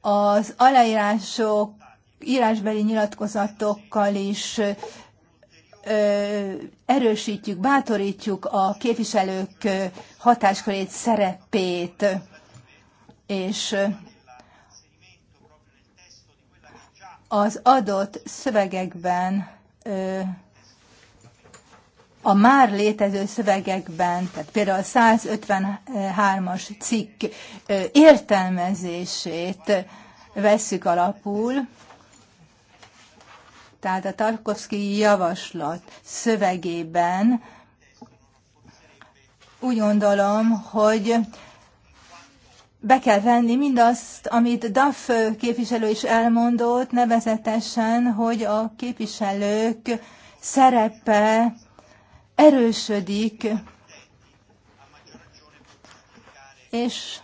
az aláírások, írásbeli nyilatkozatokkal is ö, erősítjük, bátorítjuk a képviselők hatáskörét, szerepét, és az adott szövegekben ö, a már létező szövegekben, tehát például a 153-as cikk értelmezését vesszük alapul, tehát a Tarkovszki javaslat szövegében úgy gondolom, hogy be kell venni mindazt, amit DAF képviselő is elmondott, nevezetesen, hogy a képviselők szerepe erősödik, és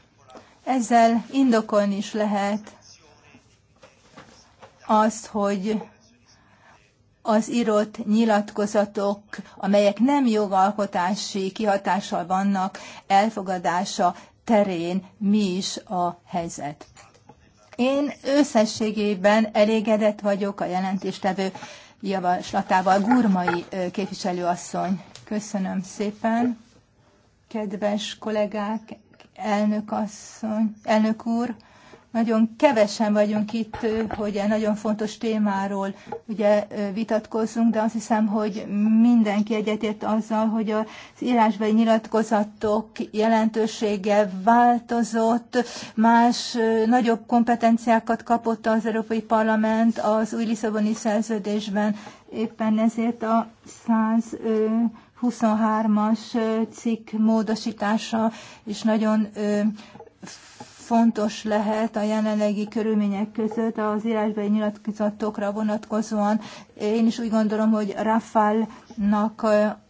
ezzel indokolni is lehet azt, hogy az írott nyilatkozatok, amelyek nem jogalkotási kihatással vannak, elfogadása terén mi is a helyzet. Én összességében elégedett vagyok a jelentéstevő javaslatával. Gurmai képviselőasszony, köszönöm szépen. Kedves kollégák, elnök asszony, elnök úr, nagyon kevesen vagyunk itt, hogy egy nagyon fontos témáról ugye vitatkozzunk, de azt hiszem, hogy mindenki egyetért azzal, hogy az írásbeli nyilatkozatok jelentősége változott, más nagyobb kompetenciákat kapott az Európai Parlament az új Lisszaboni szerződésben, éppen ezért a 100 23-as cikk módosítása is nagyon fontos lehet a jelenlegi körülmények között az írásbeli nyilatkozatokra vonatkozóan. Én is úgy gondolom, hogy Rafalnak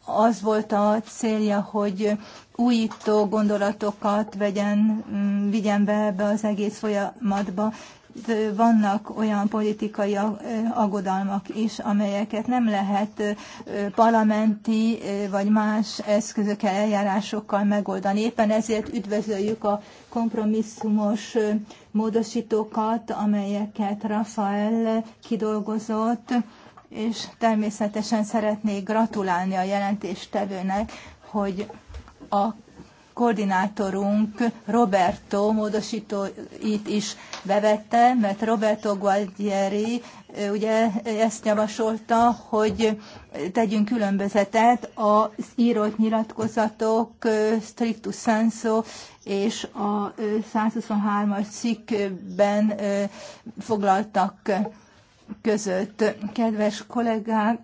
az volt a célja, hogy újító gondolatokat vegyen, vigyen be ebbe az egész folyamatba, vannak olyan politikai aggodalmak is, amelyeket nem lehet parlamenti vagy más eszközökkel, eljárásokkal megoldani. Éppen ezért üdvözöljük a kompromisszumos módosítókat, amelyeket Rafael kidolgozott, és természetesen szeretnék gratulálni a jelentéstevőnek, hogy a koordinátorunk Roberto módosítóit is bevette, mert Roberto Gualdieri ugye ezt javasolta, hogy tegyünk különbözetet az írott nyilatkozatok strictus sensu és a 123-as cikkben foglaltak között. Kedves kollégák,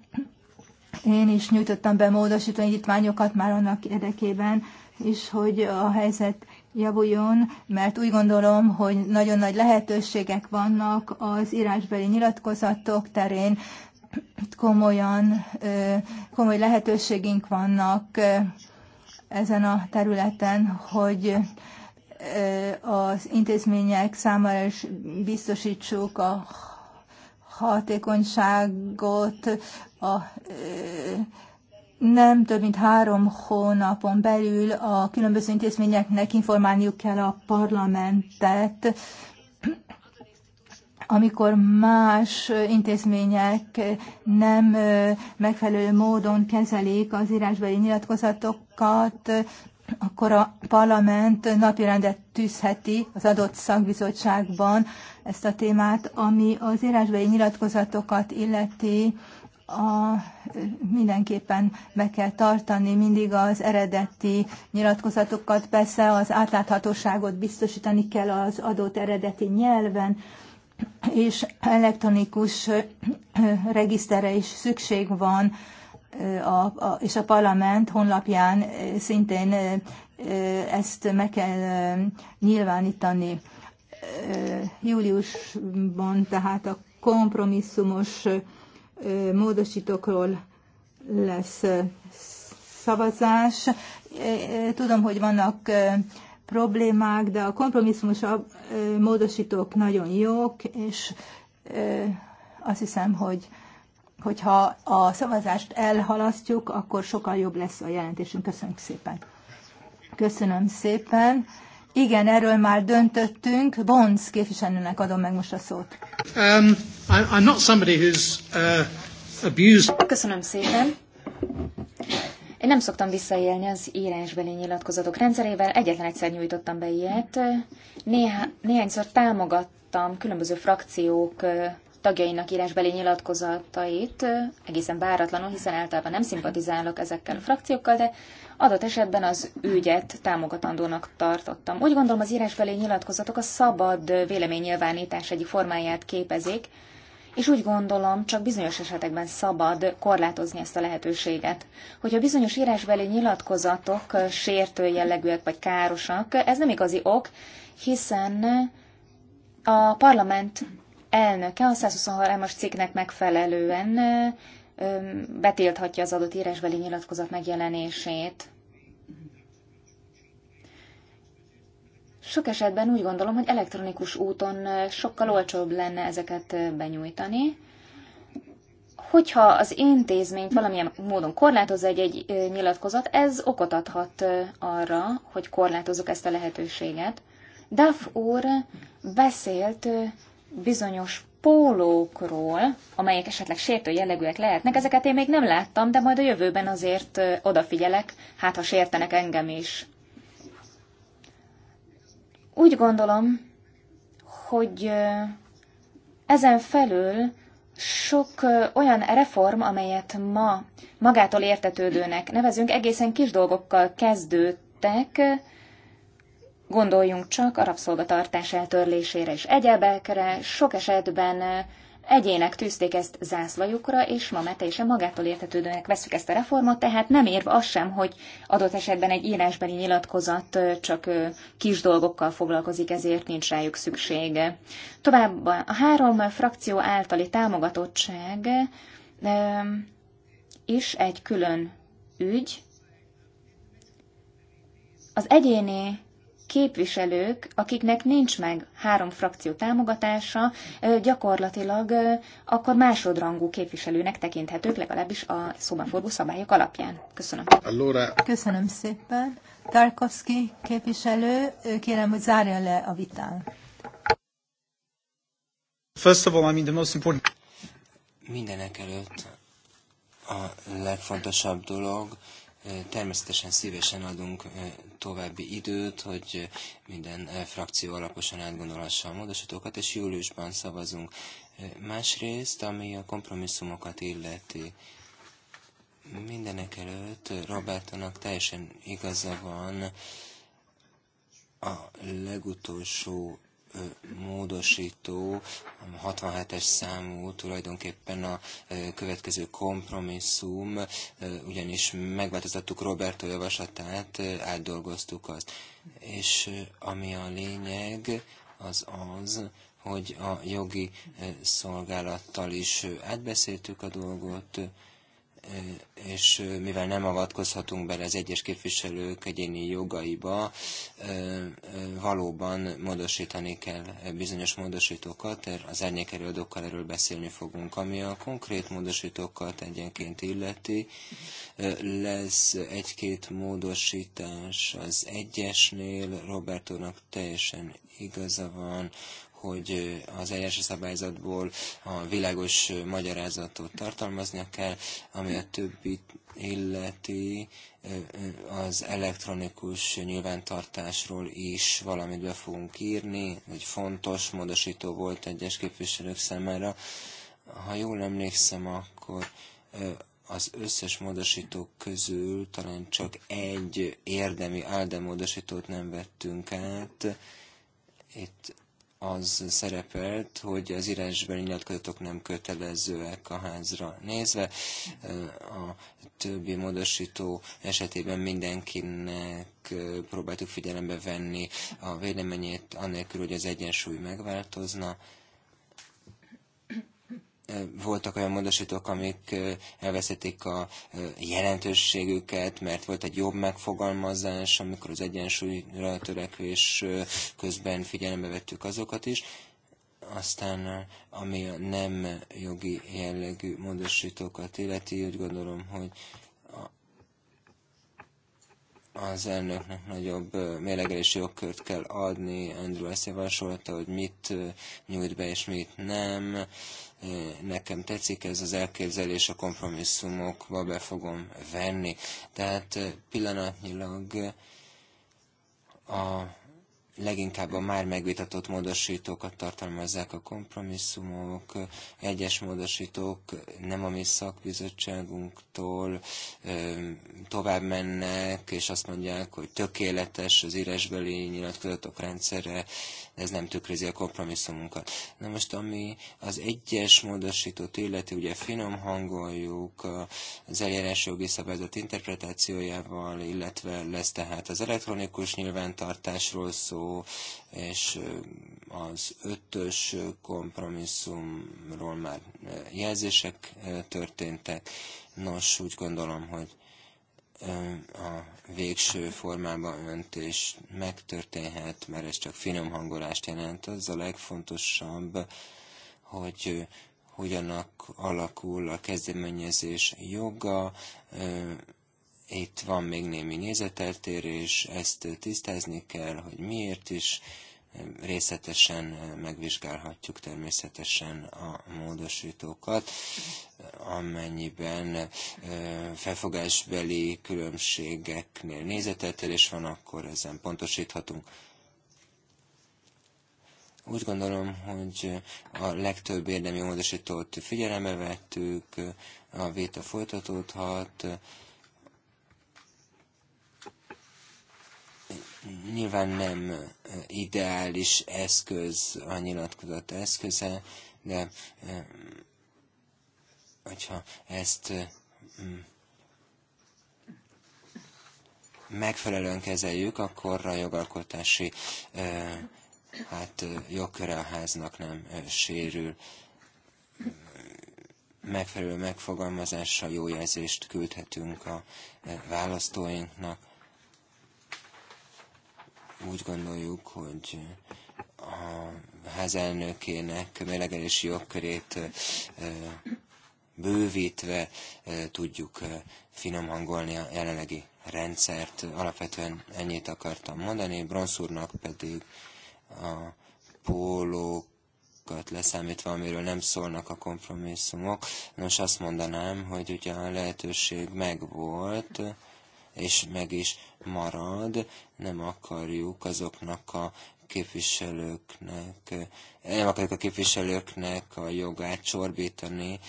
én is nyújtottam be módosító indítványokat már annak érdekében, is, hogy a helyzet javuljon, mert úgy gondolom, hogy nagyon nagy lehetőségek vannak az írásbeli nyilatkozatok terén, komolyan, komoly lehetőségünk vannak ezen a területen, hogy az intézmények számára is biztosítsuk a hatékonyságot, a nem több mint három hónapon belül a különböző intézményeknek informálniuk kell a parlamentet, amikor más intézmények nem megfelelő módon kezelik az írásbeli nyilatkozatokat, akkor a parlament napirendet tűzheti az adott szakbizottságban ezt a témát, ami az írásbeli nyilatkozatokat illeti a, mindenképpen meg kell tartani mindig az eredeti nyilatkozatokat, persze az átláthatóságot biztosítani kell az adott eredeti nyelven, és elektronikus regiszterre is szükség van, a, a, és a parlament honlapján szintén ezt meg kell nyilvánítani. Júliusban tehát a kompromisszumos módosítókról lesz szavazás. Tudom, hogy vannak problémák, de a kompromisszumos módosítók nagyon jók, és azt hiszem, hogy hogyha a szavazást elhalasztjuk, akkor sokkal jobb lesz a jelentésünk. Köszönjük szépen. Köszönöm szépen. Igen, erről már döntöttünk. Bonds képviselőnek adom meg most a szót. Um, I'm not somebody who's, uh, abused. Köszönöm szépen. Én nem szoktam visszaélni az írásbeli nyilatkozatok rendszerével, egyetlen egyszer nyújtottam be ilyet. Néha, néhányszor támogattam különböző frakciók uh, tagjainak írásbeli nyilatkozatait, uh, egészen váratlanul, hiszen általában nem szimpatizálok ezekkel a frakciókkal, de Adott esetben az ügyet támogatandónak tartottam. Úgy gondolom, az írásbeli nyilatkozatok a szabad véleménynyilvánítás egyik formáját képezik, és úgy gondolom, csak bizonyos esetekben szabad korlátozni ezt a lehetőséget. Hogyha bizonyos írásbeli nyilatkozatok sértő jellegűek vagy károsak, ez nem igazi ok, hiszen a parlament elnöke a 123-as cikknek megfelelően betilthatja az adott írásbeli nyilatkozat megjelenését. Sok esetben úgy gondolom, hogy elektronikus úton sokkal olcsóbb lenne ezeket benyújtani. Hogyha az intézményt valamilyen módon korlátozza egy-egy nyilatkozat, ez okot adhat arra, hogy korlátozok ezt a lehetőséget. Duff úr beszélt bizonyos pólókról, amelyek esetleg sértő jellegűek lehetnek, ezeket én még nem láttam, de majd a jövőben azért odafigyelek, hát ha sértenek engem is. Úgy gondolom, hogy ezen felül sok olyan reform, amelyet ma magától értetődőnek nevezünk, egészen kis dolgokkal kezdődtek, gondoljunk csak a rabszolgatartás eltörlésére és egyebekre, sok esetben Egyének tűzték ezt zászlajukra, és ma már teljesen magától értetődőnek veszük ezt a reformot, tehát nem érve az sem, hogy adott esetben egy írásbeli nyilatkozat csak kis dolgokkal foglalkozik, ezért nincs rájuk szükség. Továbbá a három frakció általi támogatottság is egy külön ügy. Az egyéni képviselők, akiknek nincs meg három frakció támogatása, gyakorlatilag akkor másodrangú képviselőnek tekinthetők, legalábbis a szobaforgó szabályok alapján. Köszönöm. Allora. Köszönöm szépen. Tarkovsky képviselő, kérem, hogy zárja le a vitán. First of all, I mean the most important... Mindenek előtt a legfontosabb dolog, Természetesen szívesen adunk további időt, hogy minden frakció alaposan átgondolhassa a módosítókat, és júliusban szavazunk. Másrészt, ami a kompromisszumokat illeti, mindenek előtt Robertonak teljesen igaza van a legutolsó módosító, 67-es számú tulajdonképpen a következő kompromisszum, ugyanis megváltoztattuk Roberto javaslatát, átdolgoztuk azt. És ami a lényeg, az az, hogy a jogi szolgálattal is átbeszéltük a dolgot, és mivel nem avatkozhatunk bele az egyes képviselők egyéni jogaiba, valóban módosítani kell bizonyos módosítókat, er, az árnyékelőadókkal erről beszélni fogunk. Ami a konkrét módosítókat egyenként illeti, lesz egy-két módosítás az egyesnél, Robertónak teljesen igaza van, hogy az eljárási szabályzatból a világos magyarázatot tartalmaznia kell, ami a többi illeti az elektronikus nyilvántartásról is valamit be fogunk írni, egy fontos módosító volt egyes képviselők számára. Ha jól emlékszem, akkor az összes módosítók közül talán csak egy érdemi áldemódosítót nem vettünk át. Itt az szerepelt, hogy az írásban nyilatkozatok nem kötelezőek a házra nézve. A többi módosító esetében mindenkinek próbáltuk figyelembe venni a véleményét, anélkül, hogy az egyensúly megváltozna voltak olyan módosítók, amik elveszítik a jelentőségüket, mert volt egy jobb megfogalmazás, amikor az egyensúlyra törekvés közben figyelembe vettük azokat is. Aztán, ami a nem jogi jellegű módosítókat illeti, úgy gondolom, hogy az elnöknek nagyobb mérlegelési jogkört kell adni. Andrew ezt javasolta, hogy mit nyújt be és mit nem. Nekem tetszik ez az elképzelés, a kompromisszumokba be fogom venni. Tehát pillanatnyilag a leginkább a már megvitatott módosítókat tartalmazzák a kompromisszumok, egyes módosítók nem a mi szakbizottságunktól tovább mennek, és azt mondják, hogy tökéletes az írásbeli nyilatkozatok rendszere, ez nem tükrözi a kompromisszumunkat. Na most, ami az egyes módosítót illeti, ugye finom hangoljuk az eljárás jogi szabályzat interpretációjával, illetve lesz tehát az elektronikus nyilvántartásról szó, és az ötös kompromisszumról már jelzések történtek. Nos, úgy gondolom, hogy a végső formában öntés megtörténhet, mert ez csak finom hangolást jelent. Az a legfontosabb, hogy hogyan alakul a kezdeményezés joga, itt van még némi nézeteltérés, ezt tisztázni kell, hogy miért is Részletesen megvizsgálhatjuk természetesen a módosítókat, amennyiben felfogásbeli különbségeknél nézeteltérés van, akkor ezen pontosíthatunk úgy gondolom, hogy a legtöbb érdemi módosítót figyelembe vettük, a véta folytatódhat, Nyilván nem ideális eszköz a nyilatkozat eszköze, de hogyha ezt megfelelően kezeljük, akkor a jogalkotási hát, jogköre a háznak nem sérül. Megfelelő megfogalmazással jó jelzést küldhetünk a választóinknak. Úgy gondoljuk, hogy a házelnökének mérlegelési jogkörét bővítve tudjuk finom hangolni a jelenlegi rendszert. Alapvetően ennyit akartam mondani, bronzúrnak pedig a pólókat leszámítva, amiről nem szólnak a kompromisszumok. Nos, azt mondanám, hogy ugye a lehetőség megvolt, és meg is marad. Nem akarjuk azoknak a képviselőknek, nem akarjuk a képviselőknek a jogát csorbítani,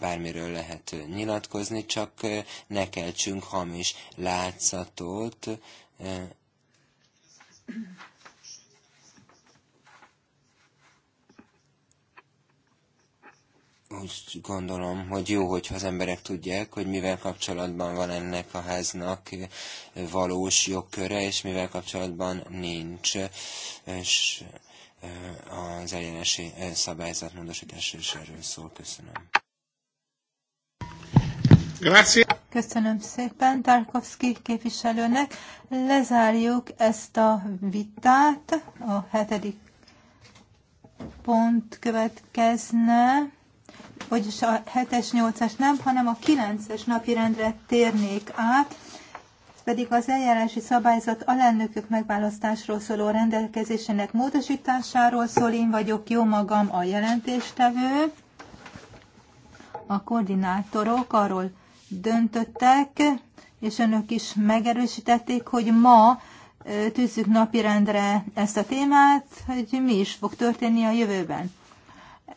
bármiről lehet nyilatkozni, csak ne keltsünk hamis látszatot, úgy gondolom, hogy jó, hogyha az emberek tudják, hogy mivel kapcsolatban van ennek a háznak valós jogköre, és mivel kapcsolatban nincs, és az eljárási szabályzat módosítása is erről szól. Köszönöm. Grazie. Köszönöm szépen Tarkovszki képviselőnek. Lezárjuk ezt a vitát. A hetedik pont következne vagyis a 7-es, 8-as nem, hanem a 9-es napirendre térnék át, pedig az eljárási szabályzat alelnökök megválasztásról szóló rendelkezésének módosításáról szól, én vagyok jó magam a jelentéstevő. A koordinátorok arról döntöttek, és önök is megerősítették, hogy ma tűzzük napirendre ezt a témát, hogy mi is fog történni a jövőben.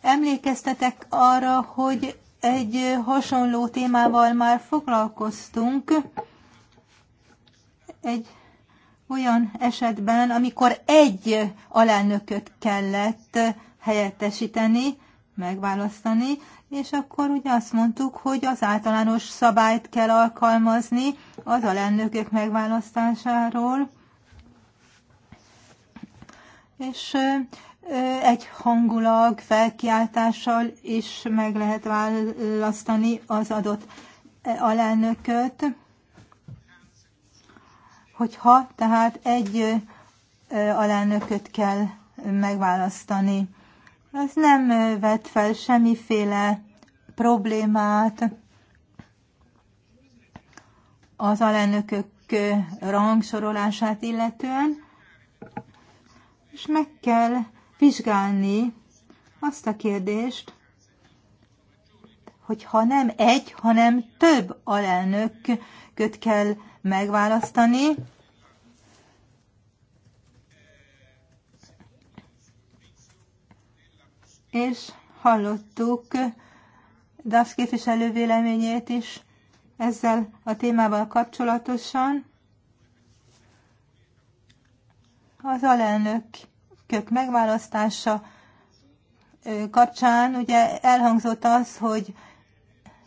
Emlékeztetek arra, hogy egy hasonló témával már foglalkoztunk egy olyan esetben, amikor egy alelnököt kellett helyettesíteni, megválasztani, és akkor ugye azt mondtuk, hogy az általános szabályt kell alkalmazni az alelnökök megválasztásáról. És egy hangulag felkiáltással is meg lehet választani az adott alelnököt, hogyha tehát egy alelnököt kell megválasztani. Ez nem vet fel semmiféle problémát az alelnökök rangsorolását illetően, és meg kell vizsgálni azt a kérdést, hogy ha nem egy, hanem több alelnököt kell megválasztani, és hallottuk DASZ képviselő véleményét is ezzel a témával kapcsolatosan. Az alelnök elnökök megválasztása kapcsán ugye elhangzott az, hogy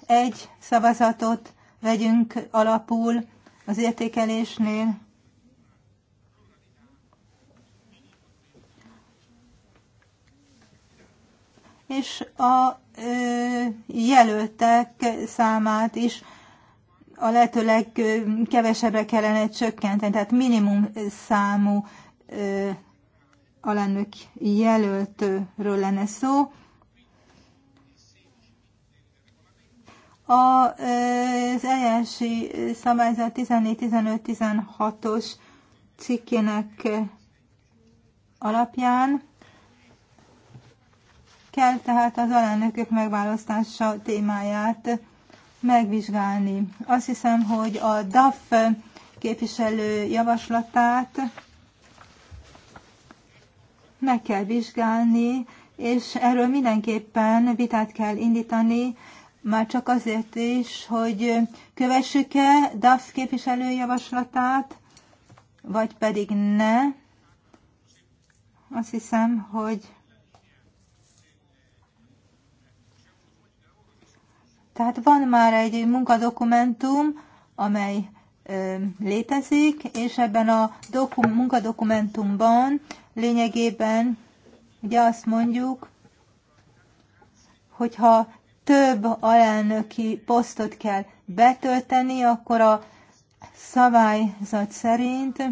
egy szavazatot vegyünk alapul az értékelésnél. És a ö, jelöltek számát is a lehető legkevesebbre kellene csökkenteni, tehát minimum számú ö, alelnök jelöltről lenne szó. Az eljárási szabályzat 14-15-16-os cikkének alapján kell tehát az alelnökök megválasztása témáját megvizsgálni. Azt hiszem, hogy a DAF képviselő javaslatát meg kell vizsgálni, és erről mindenképpen vitát kell indítani, már csak azért is, hogy kövessük-e DAFS képviselő javaslatát, vagy pedig ne. Azt hiszem, hogy Tehát van már egy munkadokumentum, amely létezik, és ebben a dokum, munkadokumentumban Lényegében ugye azt mondjuk, hogyha több alelnöki posztot kell betölteni, akkor a szabályzat szerint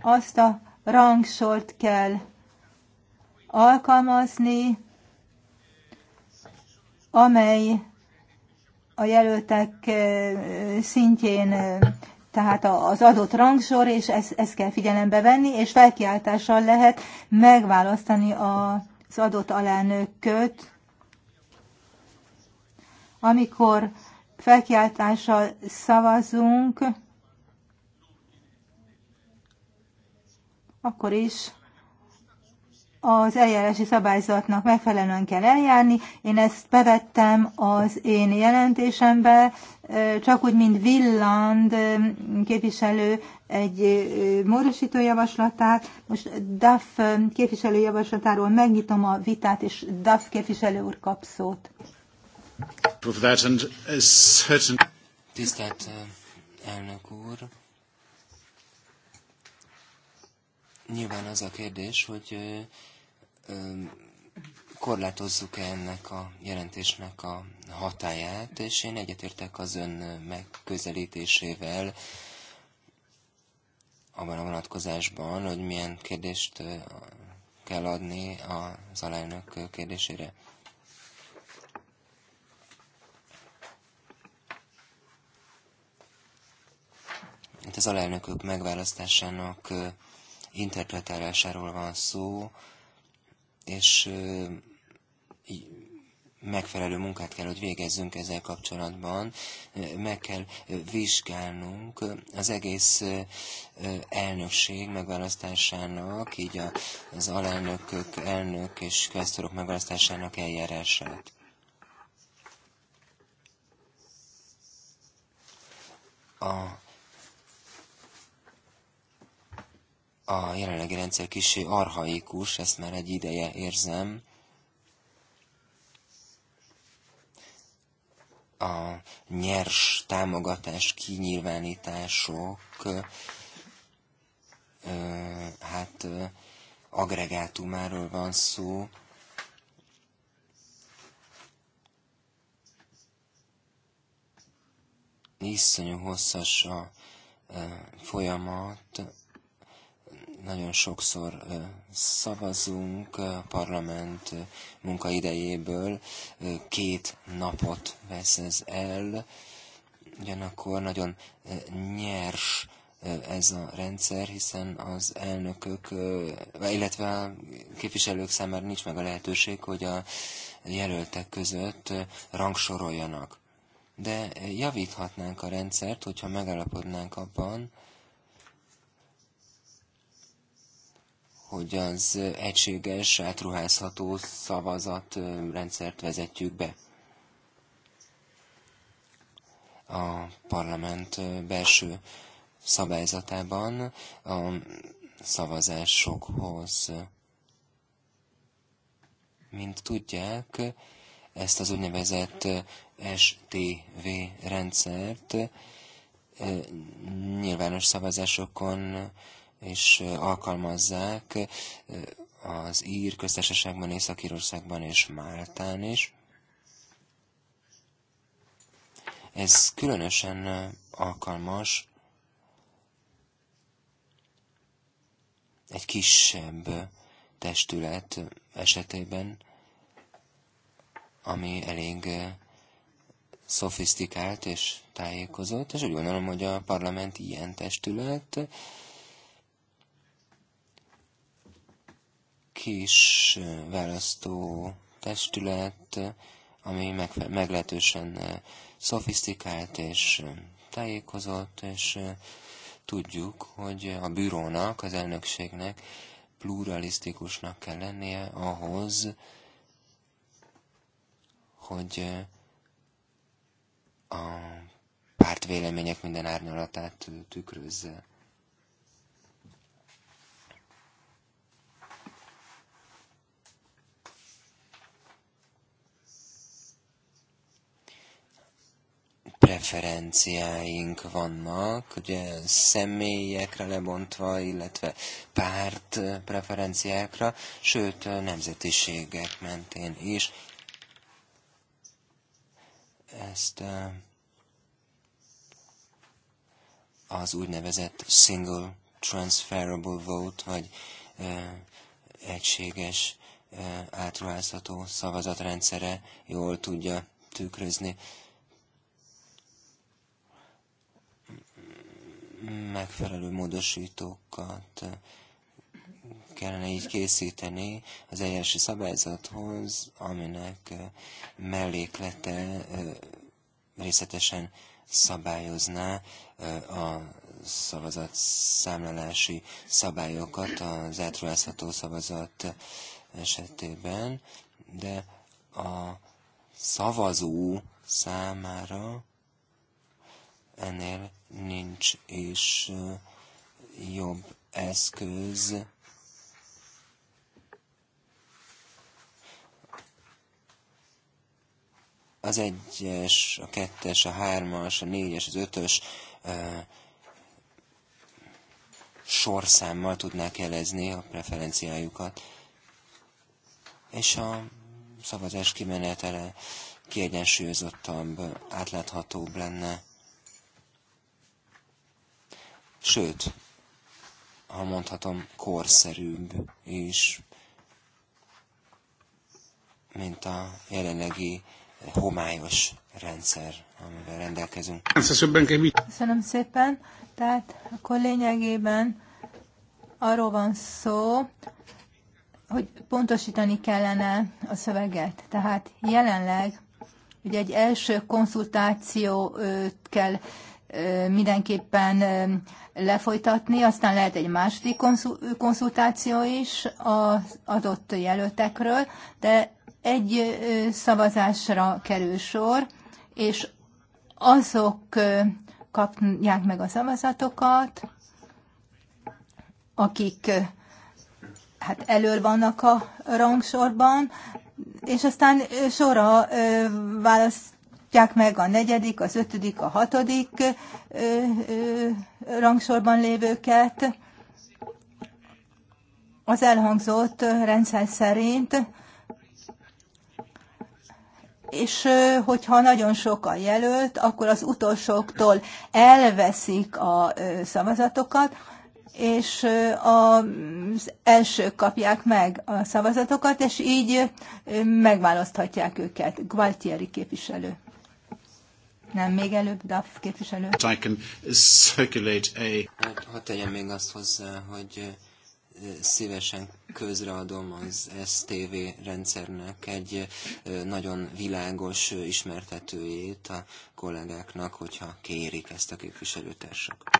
azt a rangsort kell alkalmazni, amely a jelöltek eh, szintjén eh, tehát az adott rangsor, és ezt, ezt kell figyelembe venni, és felkiáltással lehet megválasztani az adott alelnököt, amikor felkiáltással szavazunk, akkor is az eljárási szabályzatnak megfelelően kell eljárni. Én ezt bevettem az én jelentésembe, csak úgy, mint Villand képviselő egy módosító javaslatát. Most DAF képviselő javaslatáról megnyitom a vitát, és DAF képviselő úr kap szót. Tisztelt elnök úr! Nyilván az a kérdés, hogy korlátozzuk -e ennek a jelentésnek a hatáját, és én egyetértek az ön megközelítésével abban a vonatkozásban, hogy milyen kérdést kell adni az alelnök kérdésére. Itt az alelnökök megválasztásának interpretálásáról van szó, és megfelelő munkát kell, hogy végezzünk ezzel kapcsolatban. Meg kell vizsgálnunk az egész elnökség megválasztásának, így az alelnökök, elnök és köztorok megválasztásának eljárását. A a jelenlegi rendszer kicsi arhaikus, ezt már egy ideje érzem. A nyers támogatás kinyilvánítások hát agregátumáról van szó, iszonyú hosszas a folyamat, nagyon sokszor szavazunk a parlament munkaidejéből, két napot vesz ez el, ugyanakkor nagyon nyers ez a rendszer, hiszen az elnökök, illetve a képviselők számára nincs meg a lehetőség, hogy a jelöltek között rangsoroljanak. De javíthatnánk a rendszert, hogyha megállapodnánk abban, hogy az egységes, átruházható szavazatrendszert vezetjük be. A parlament belső szabályzatában a szavazásokhoz. Mint tudják, ezt az úgynevezett STV rendszert nyilvános szavazásokon és alkalmazzák az Ír köztársaságban, Észak-Írországban és Máltán is. Ez különösen alkalmas egy kisebb testület esetében, ami elég szofisztikált és tájékozott, és úgy gondolom, hogy a parlament ilyen testület, kis választó testület, ami meglehetősen szofisztikált és tájékozott, és tudjuk, hogy a bürónak, az elnökségnek pluralisztikusnak kell lennie ahhoz, hogy a pártvélemények minden árnyalatát tükrözze. preferenciáink vannak, ugye személyekre lebontva, illetve párt preferenciákra, sőt nemzetiségek mentén is. Ezt az úgynevezett single transferable vote, vagy egységes átruházható szavazatrendszere jól tudja tükrözni. megfelelő módosítókat kellene így készíteni az eljárási szabályzathoz, aminek eh, melléklete eh, részletesen szabályozná eh, a szavazatszámlálási szabályokat az átruházható szavazat esetében, de a szavazó számára ennél nincs is jobb eszköz az egyes, a kettes, a hármas, a négyes, az ötös sorszámmal tudnák jelezni a preferenciájukat. És a szavazás kimenetele kiegyensúlyozottabb, átláthatóbb lenne sőt, ha mondhatom, korszerűbb is, mint a jelenlegi homályos rendszer, amivel rendelkezünk. Köszönöm szépen. Tehát akkor lényegében arról van szó, hogy pontosítani kellene a szöveget. Tehát jelenleg ugye egy első konzultációt kell mindenképpen lefolytatni, aztán lehet egy második konzultáció is az adott jelöltekről, de egy szavazásra kerül sor, és azok kapják meg a szavazatokat, akik hát elől vannak a rangsorban, és aztán sorra választ kapják meg a negyedik, az ötödik, a hatodik ö, ö, rangsorban lévőket. Az elhangzott rendszer szerint, és hogyha nagyon sok a jelölt, akkor az utolsóktól elveszik a szavazatokat, és az elsők kapják meg a szavazatokat, és így megválaszthatják őket. Gualtieri képviselő. Nem, még előbb DAF képviselő. I can circulate a... Hát, ha tegyem még azt hozzá, hogy szívesen közreadom az STV rendszernek egy nagyon világos ismertetőjét a kollégáknak, hogyha kérik ezt a képviselőtársak.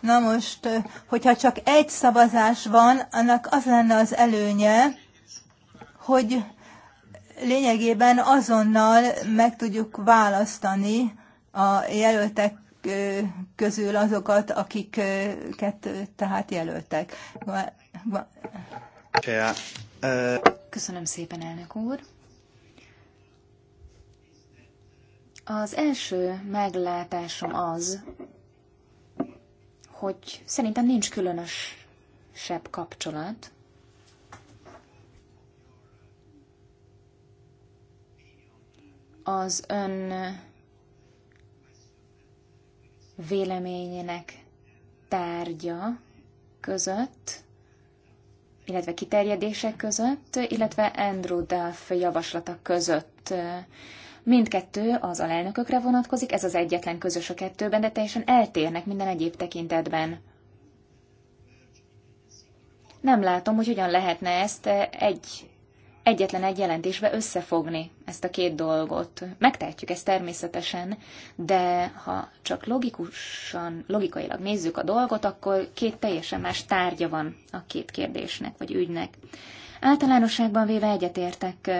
Na most, hogyha csak egy szavazás van, annak az lenne az előnye, hogy lényegében azonnal meg tudjuk választani a jelöltek közül azokat, akiket tehát jelöltek. Köszönöm szépen, elnök úr. Az első meglátásom az, hogy szerintem nincs különösebb kapcsolat az ön véleményének tárgya között, illetve kiterjedések között, illetve Andrew Duff javaslata között. Mindkettő az alelnökökre vonatkozik, ez az egyetlen közös a kettőben, de teljesen eltérnek minden egyéb tekintetben. Nem látom, hogy hogyan lehetne ezt egy egyetlen egy jelentésbe összefogni ezt a két dolgot. Megtehetjük ezt természetesen, de ha csak logikusan, logikailag nézzük a dolgot, akkor két teljesen más tárgya van a két kérdésnek vagy ügynek. Általánosságban véve egyetértek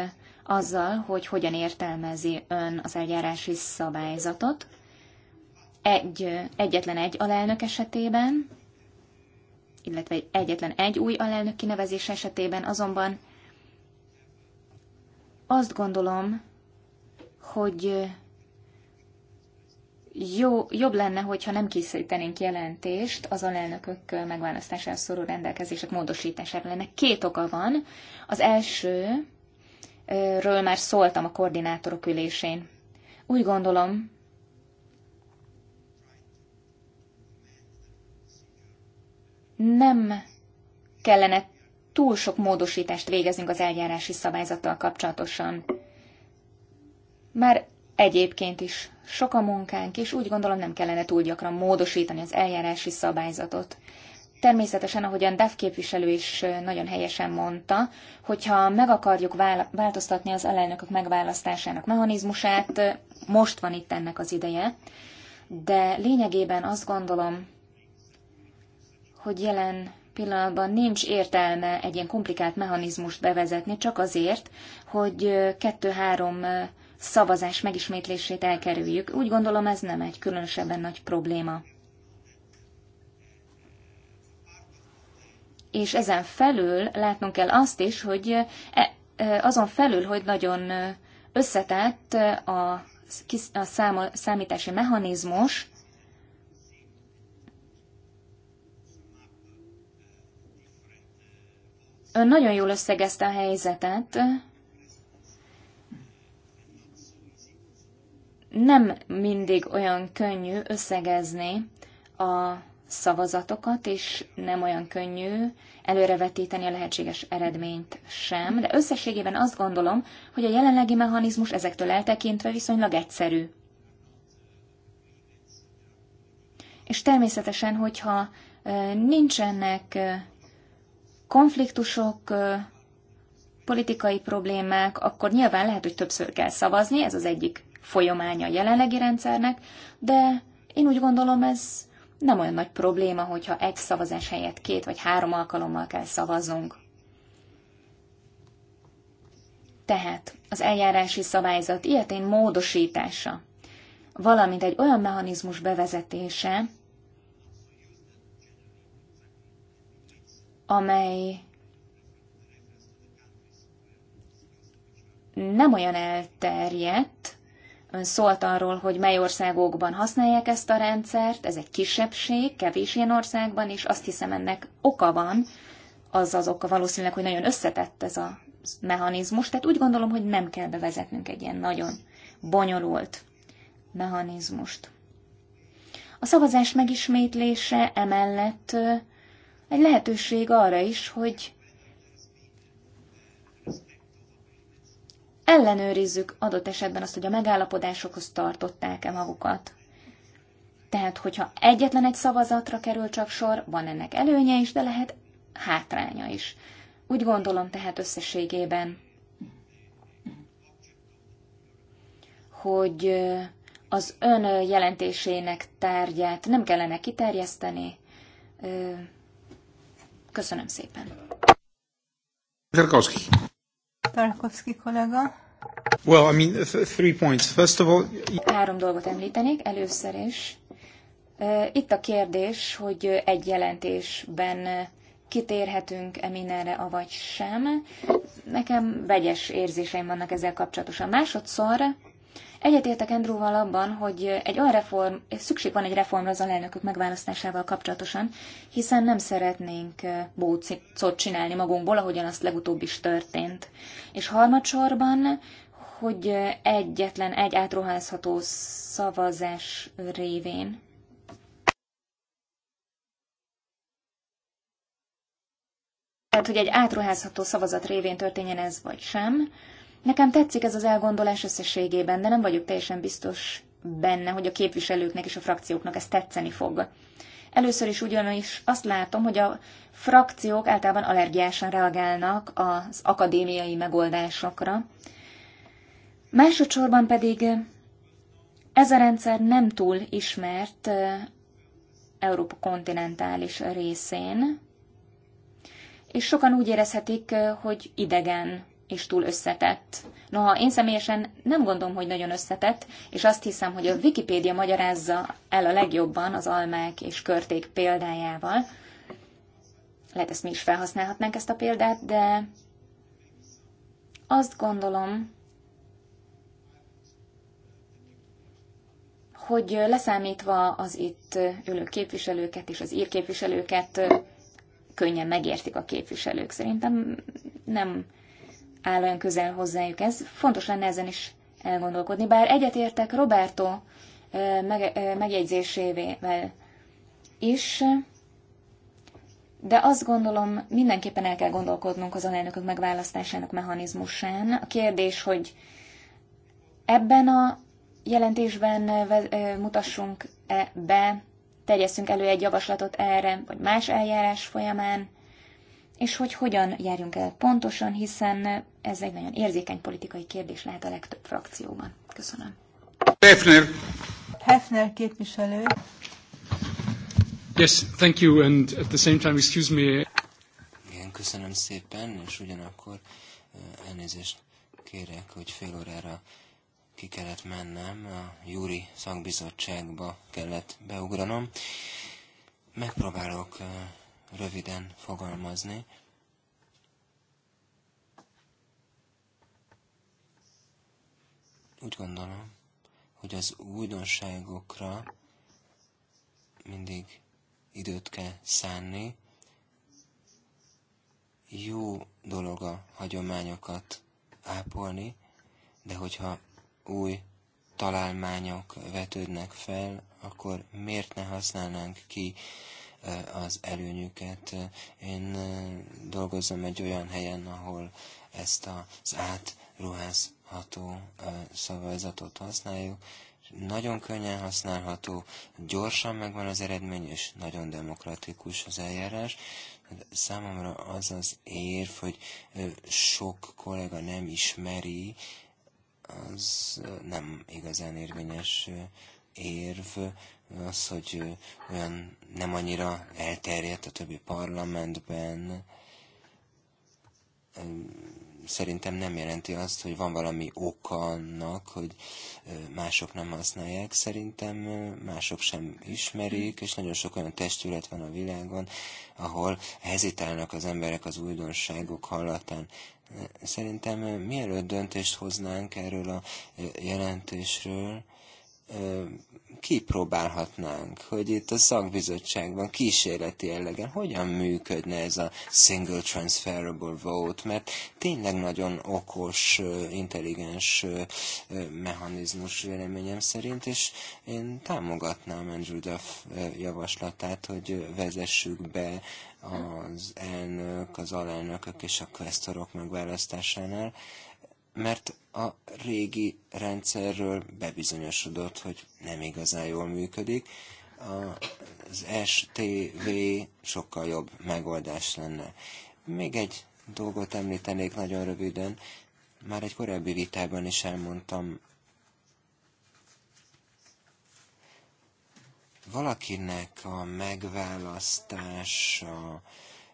azzal, hogy hogyan értelmezi ön az eljárási szabályzatot. Egy, egyetlen egy alelnök esetében, illetve egyetlen egy új alelnök kinevezés esetében azonban azt gondolom, hogy jó, jobb lenne, hogyha nem készítenénk jelentést az alelnökök megválasztására szorú rendelkezések módosítására lenne. Két oka van. Az első, ről már szóltam a koordinátorok ülésén. Úgy gondolom, nem kellene túl sok módosítást végezünk az eljárási szabályzattal kapcsolatosan. Már egyébként is sok a munkánk, és úgy gondolom nem kellene túl gyakran módosítani az eljárási szabályzatot. Természetesen, ahogyan DEF képviselő is nagyon helyesen mondta, hogyha meg akarjuk változtatni az alelnökök megválasztásának mechanizmusát, most van itt ennek az ideje, de lényegében azt gondolom, hogy jelen pillanatban nincs értelme egy ilyen komplikált mechanizmust bevezetni, csak azért, hogy kettő-három szavazás megismétlését elkerüljük. Úgy gondolom ez nem egy különösebben nagy probléma. És ezen felül látnunk kell azt is, hogy e, azon felül, hogy nagyon összetett a, a számítási mechanizmus, Ön nagyon jól összegezte a helyzetet. Nem mindig olyan könnyű összegezni a szavazatokat, és nem olyan könnyű előrevetíteni a lehetséges eredményt sem, de összességében azt gondolom, hogy a jelenlegi mechanizmus ezektől eltekintve viszonylag egyszerű. És természetesen, hogyha nincsenek konfliktusok, politikai problémák, akkor nyilván lehet, hogy többször kell szavazni, ez az egyik folyamánya a jelenlegi rendszernek, de én úgy gondolom, ez nem olyan nagy probléma, hogyha egy szavazás helyett két vagy három alkalommal kell szavaznunk. Tehát az eljárási szabályzat ilyetén módosítása, valamint egy olyan mechanizmus bevezetése, amely nem olyan elterjedt, Ön szólt arról, hogy mely országokban használják ezt a rendszert, ez egy kisebbség, kevés ilyen országban, és azt hiszem ennek oka van, az az oka valószínűleg, hogy nagyon összetett ez a mechanizmus, tehát úgy gondolom, hogy nem kell bevezetnünk egy ilyen nagyon bonyolult mechanizmust. A szavazás megismétlése emellett egy lehetőség arra is, hogy ellenőrizzük adott esetben azt, hogy a megállapodásokhoz tartották-e magukat. Tehát, hogyha egyetlen egy szavazatra kerül csak sor, van ennek előnye is, de lehet hátránya is. Úgy gondolom tehát összességében, hogy az ön jelentésének tárgyát nem kellene kiterjeszteni, Köszönöm szépen. Tarkovsky. Tarkovsky kollega. Well, I mean, three points. First of all... Három dolgot említenék. Először is itt a kérdés, hogy egy jelentésben kitérhetünk-e mindenre, avagy sem. Nekem vegyes érzéseim vannak ezzel kapcsolatosan. Másodszor Egyetértek Andrewval abban, hogy egy olyan reform, szükség van egy reformra az alelnökök megválasztásával kapcsolatosan, hiszen nem szeretnénk bócot csinálni magunkból, ahogyan azt legutóbb is történt. És harmadsorban, hogy egyetlen egy átruházható szavazás révén Tehát, hogy egy átruházható szavazat révén történjen ez vagy sem, Nekem tetszik ez az elgondolás összességében, de nem vagyok teljesen biztos benne, hogy a képviselőknek és a frakcióknak ez tetszeni fog. Először is ugyanis azt látom, hogy a frakciók általában allergiásan reagálnak az akadémiai megoldásokra. Másodszorban pedig ez a rendszer nem túl ismert Európa kontinentális részén, és sokan úgy érezhetik, hogy idegen és túl összetett. Noha én személyesen nem gondolom, hogy nagyon összetett, és azt hiszem, hogy a Wikipédia magyarázza el a legjobban az almák és körték példájával. Lehet ezt mi is felhasználhatnánk ezt a példát, de azt gondolom, hogy leszámítva az itt ülő képviselőket és az ír képviselőket, könnyen megértik a képviselők. Szerintem nem áll olyan közel hozzájuk ez. Fontos lenne ezen is elgondolkodni, bár egyetértek Roberto meg, megjegyzésével is, de azt gondolom, mindenképpen el kell gondolkodnunk az alelnökök megválasztásának mechanizmusán. A kérdés, hogy ebben a jelentésben mutassunk -e be, terjesszünk elő egy javaslatot erre, vagy más eljárás folyamán, és hogy hogyan járjunk el pontosan, hiszen ez egy nagyon érzékeny politikai kérdés lehet a legtöbb frakcióban. Köszönöm. Hefner. Hefner képviselő. Yes, thank you, and at the same time, excuse me. Igen, köszönöm szépen, és ugyanakkor eh, elnézést kérek, hogy fél órára ki kellett mennem, a Júri szakbizottságba kellett beugranom. Megpróbálok eh, röviden fogalmazni. Úgy gondolom, hogy az újdonságokra mindig időt kell szánni. Jó dolog a hagyományokat ápolni, de hogyha új találmányok vetődnek fel, akkor miért ne használnánk ki Eh, az előnyüket. Én eh, dolgozom egy olyan helyen, ahol ezt az átruházható eh, szavazatot használjuk, nagyon könnyen használható, gyorsan megvan az eredmény, és nagyon demokratikus az eljárás. Számomra az az érv, hogy sok kollega nem ismeri, az nem igazán érvényes érv, az, hogy olyan nem annyira elterjedt a többi parlamentben, szerintem nem jelenti azt, hogy van valami oka annak, hogy mások nem használják. Szerintem mások sem ismerik, és nagyon sok olyan testület van a világon, ahol hezitálnak az emberek az újdonságok hallatán. Szerintem mielőtt döntést hoznánk erről a jelentésről, kipróbálhatnánk, hogy itt a szakbizottságban kísérleti jellegen hogyan működne ez a single transferable vote, mert tényleg nagyon okos, intelligens mechanizmus véleményem szerint, és én támogatnám Andrew Duff javaslatát, hogy vezessük be az elnök, az alelnökök és a questorok megválasztásánál, mert a régi rendszerről bebizonyosodott, hogy nem igazán jól működik. Az STV sokkal jobb megoldás lenne. Még egy dolgot említenék nagyon röviden. Már egy korábbi vitában is elmondtam, valakinek a megválasztása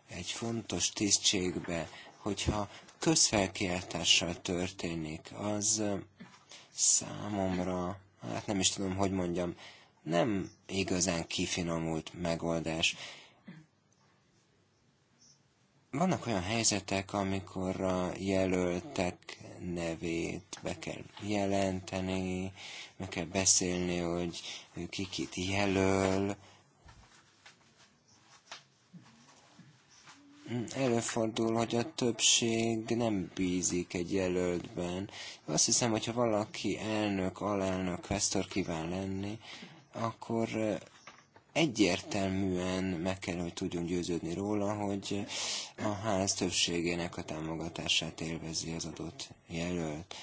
egy fontos tisztségbe, hogyha közfelkiáltással történik, az számomra, hát nem is tudom, hogy mondjam, nem igazán kifinomult megoldás. Vannak olyan helyzetek, amikor a jelöltek nevét be kell jelenteni, meg kell beszélni, hogy ki kit jelöl, Előfordul, hogy a többség nem bízik egy jelöltben. Azt hiszem, hogyha valaki elnök, alelnök, vesztor kíván lenni, akkor egyértelműen meg kell, hogy tudjunk győződni róla, hogy a ház többségének a támogatását élvezi az adott jelölt.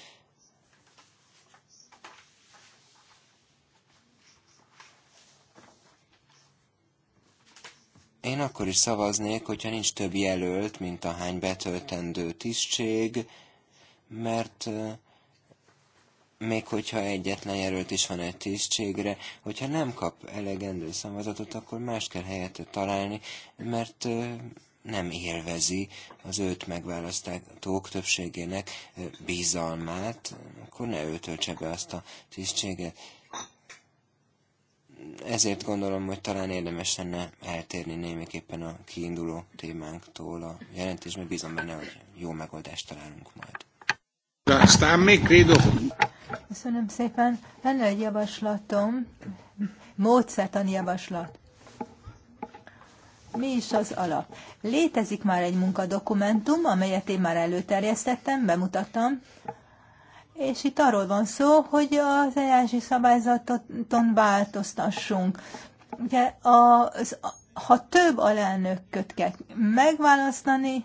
Én akkor is szavaznék, hogyha nincs több jelölt, mint a hány betöltendő tisztség, mert még hogyha egyetlen jelölt is van egy tisztségre, hogyha nem kap elegendő szavazatot, akkor más kell helyette találni, mert nem élvezi az őt megválasztók többségének bizalmát, akkor ne ő töltse be azt a tisztséget ezért gondolom, hogy talán érdemes lenne eltérni némiképpen a kiinduló témánktól a jelentésben. Bízom benne, hogy jó megoldást találunk majd. Aztán még credo. Köszönöm szépen. Lenne egy javaslatom, módszertani javaslat. Mi is az alap? Létezik már egy munkadokumentum, amelyet én már előterjesztettem, bemutattam. És itt arról van szó, hogy az eljárási szabályzaton változtassunk. Ugye az, ha több alelnököt kell megválasztani,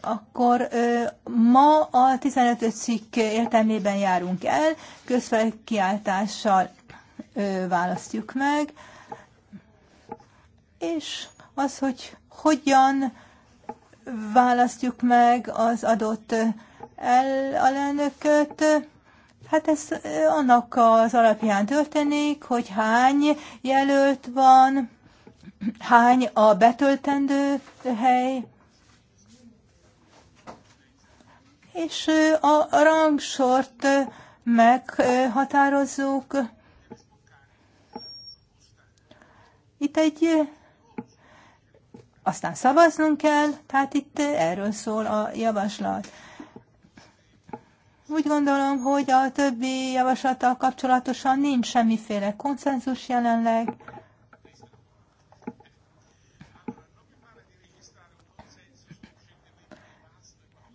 akkor ö, ma a 15 cikk értelmében járunk el, közfelkiáltással ö, választjuk meg, és az, hogy hogyan választjuk meg az adott el alelnököt. Hát ez annak az alapján történik, hogy hány jelölt van, hány a betöltendő hely, és a rangsort meghatározzuk. Itt egy, aztán szavaznunk kell, tehát itt erről szól a javaslat. Úgy gondolom, hogy a többi javaslattal kapcsolatosan nincs semmiféle konszenzus jelenleg.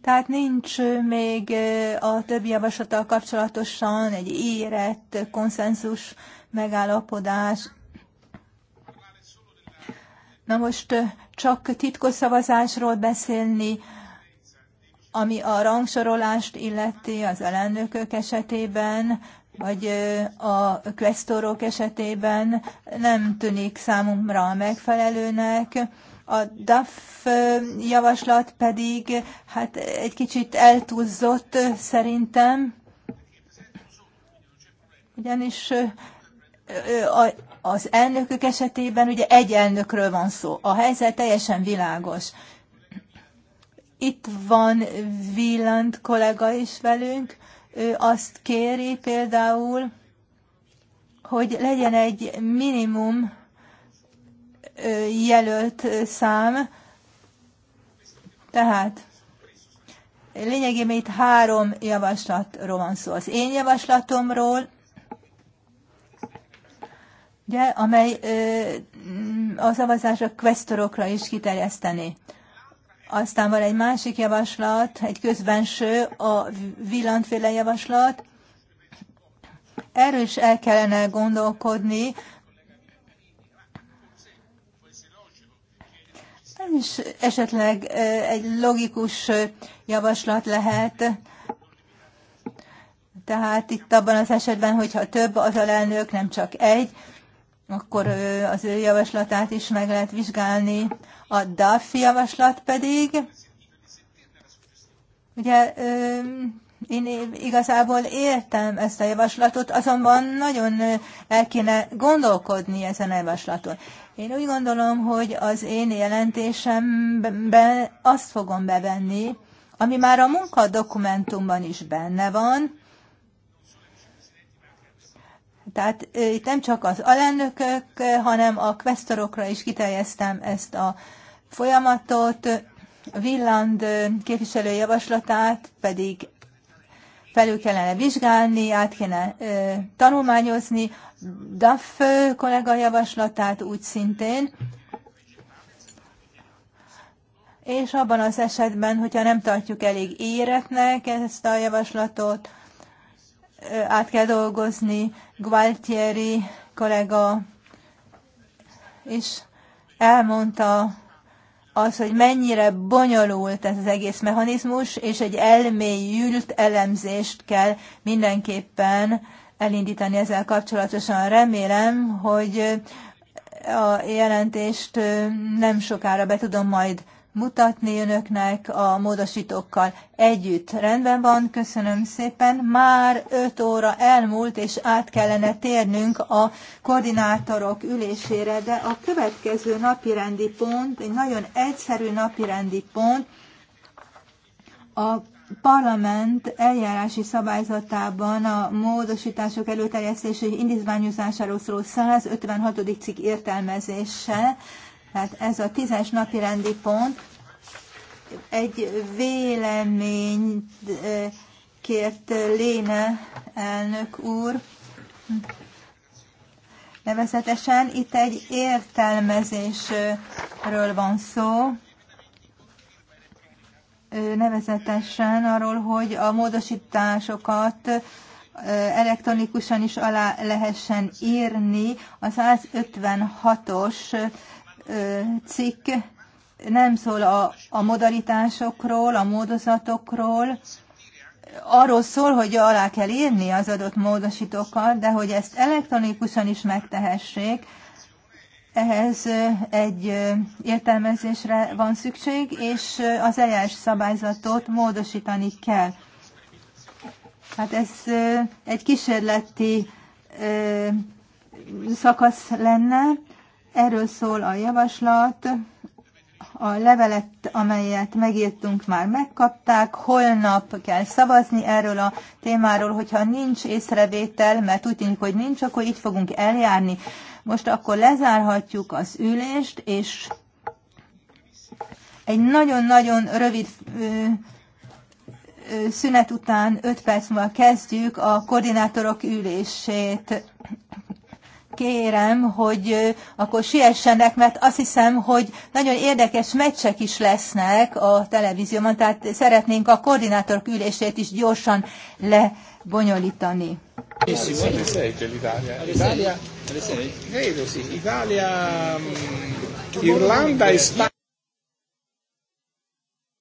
Tehát nincs még a többi javaslattal kapcsolatosan egy érett konszenzus megállapodás. Na most csak titkos szavazásról beszélni ami a rangsorolást illeti az elnökök esetében, vagy a kvesztorok esetében nem tűnik számomra megfelelőnek. A DAF javaslat pedig hát egy kicsit eltúzzott szerintem, ugyanis az elnökök esetében ugye egy elnökről van szó. A helyzet teljesen világos. Itt van Wieland kollega is velünk, ő azt kéri például, hogy legyen egy minimum jelölt szám, tehát lényegében itt három javaslatról van szó. Az én javaslatomról, ugye, amely a szavazásra kvesztorokra is kiterjeszteni. Aztán van egy másik javaslat, egy közbenső, a villantféle javaslat. Erről is el kellene gondolkodni. Ez is esetleg egy logikus javaslat lehet. Tehát itt abban az esetben, hogyha több az alelnök, nem csak egy, akkor az ő javaslatát is meg lehet vizsgálni. A DAF javaslat pedig, ugye én igazából értem ezt a javaslatot, azonban nagyon el kéne gondolkodni ezen a javaslaton. Én úgy gondolom, hogy az én jelentésemben azt fogom bevenni, ami már a munkadokumentumban is benne van, tehát itt nem csak az alelnökök, hanem a kvesztorokra is kiterjesztem ezt a folyamatot. Villand képviselő javaslatát pedig felül kellene vizsgálni, át kéne ö, tanulmányozni, DAF kollega javaslatát úgy szintén, és abban az esetben, hogyha nem tartjuk elég éretnek ezt a javaslatot, át kell dolgozni, Gualtieri kollega is elmondta az, hogy mennyire bonyolult ez az egész mechanizmus, és egy elmélyült elemzést kell mindenképpen elindítani ezzel kapcsolatosan. Remélem, hogy a jelentést nem sokára be tudom majd mutatni önöknek a módosítókkal együtt. Rendben van, köszönöm szépen. Már 5 óra elmúlt, és át kellene térnünk a koordinátorok ülésére, de a következő napirendi pont, egy nagyon egyszerű napirendi pont, a parlament eljárási szabályzatában a módosítások előterjesztési indizványozásáról szóló 156. cikk értelmezése Hát ez a tízes napi rendi pont egy véleményt kért Léne elnök úr. Nevezetesen itt egy értelmezésről van szó, nevezetesen arról, hogy a módosításokat elektronikusan is alá lehessen írni. az 156-os cikk nem szól a, a modalitásokról, a módozatokról, arról szól, hogy alá kell írni az adott módosítókat, de hogy ezt elektronikusan is megtehessék, ehhez egy értelmezésre van szükség, és az eljárás szabályzatot módosítani kell. Hát ez egy kísérleti szakasz lenne, Erről szól a javaslat. A levelet, amelyet megírtunk, már megkapták. Holnap kell szavazni erről a témáról, hogyha nincs észrevétel, mert úgy tűnik, hogy nincs, akkor így fogunk eljárni. Most akkor lezárhatjuk az ülést, és egy nagyon-nagyon rövid szünet után 5 perc múlva kezdjük a koordinátorok ülését kérem, hogy akkor siessenek, mert azt hiszem, hogy nagyon érdekes meccsek is lesznek a televízióban, tehát szeretnénk a koordinátorok ülését is gyorsan lebonyolítani. Irlanda e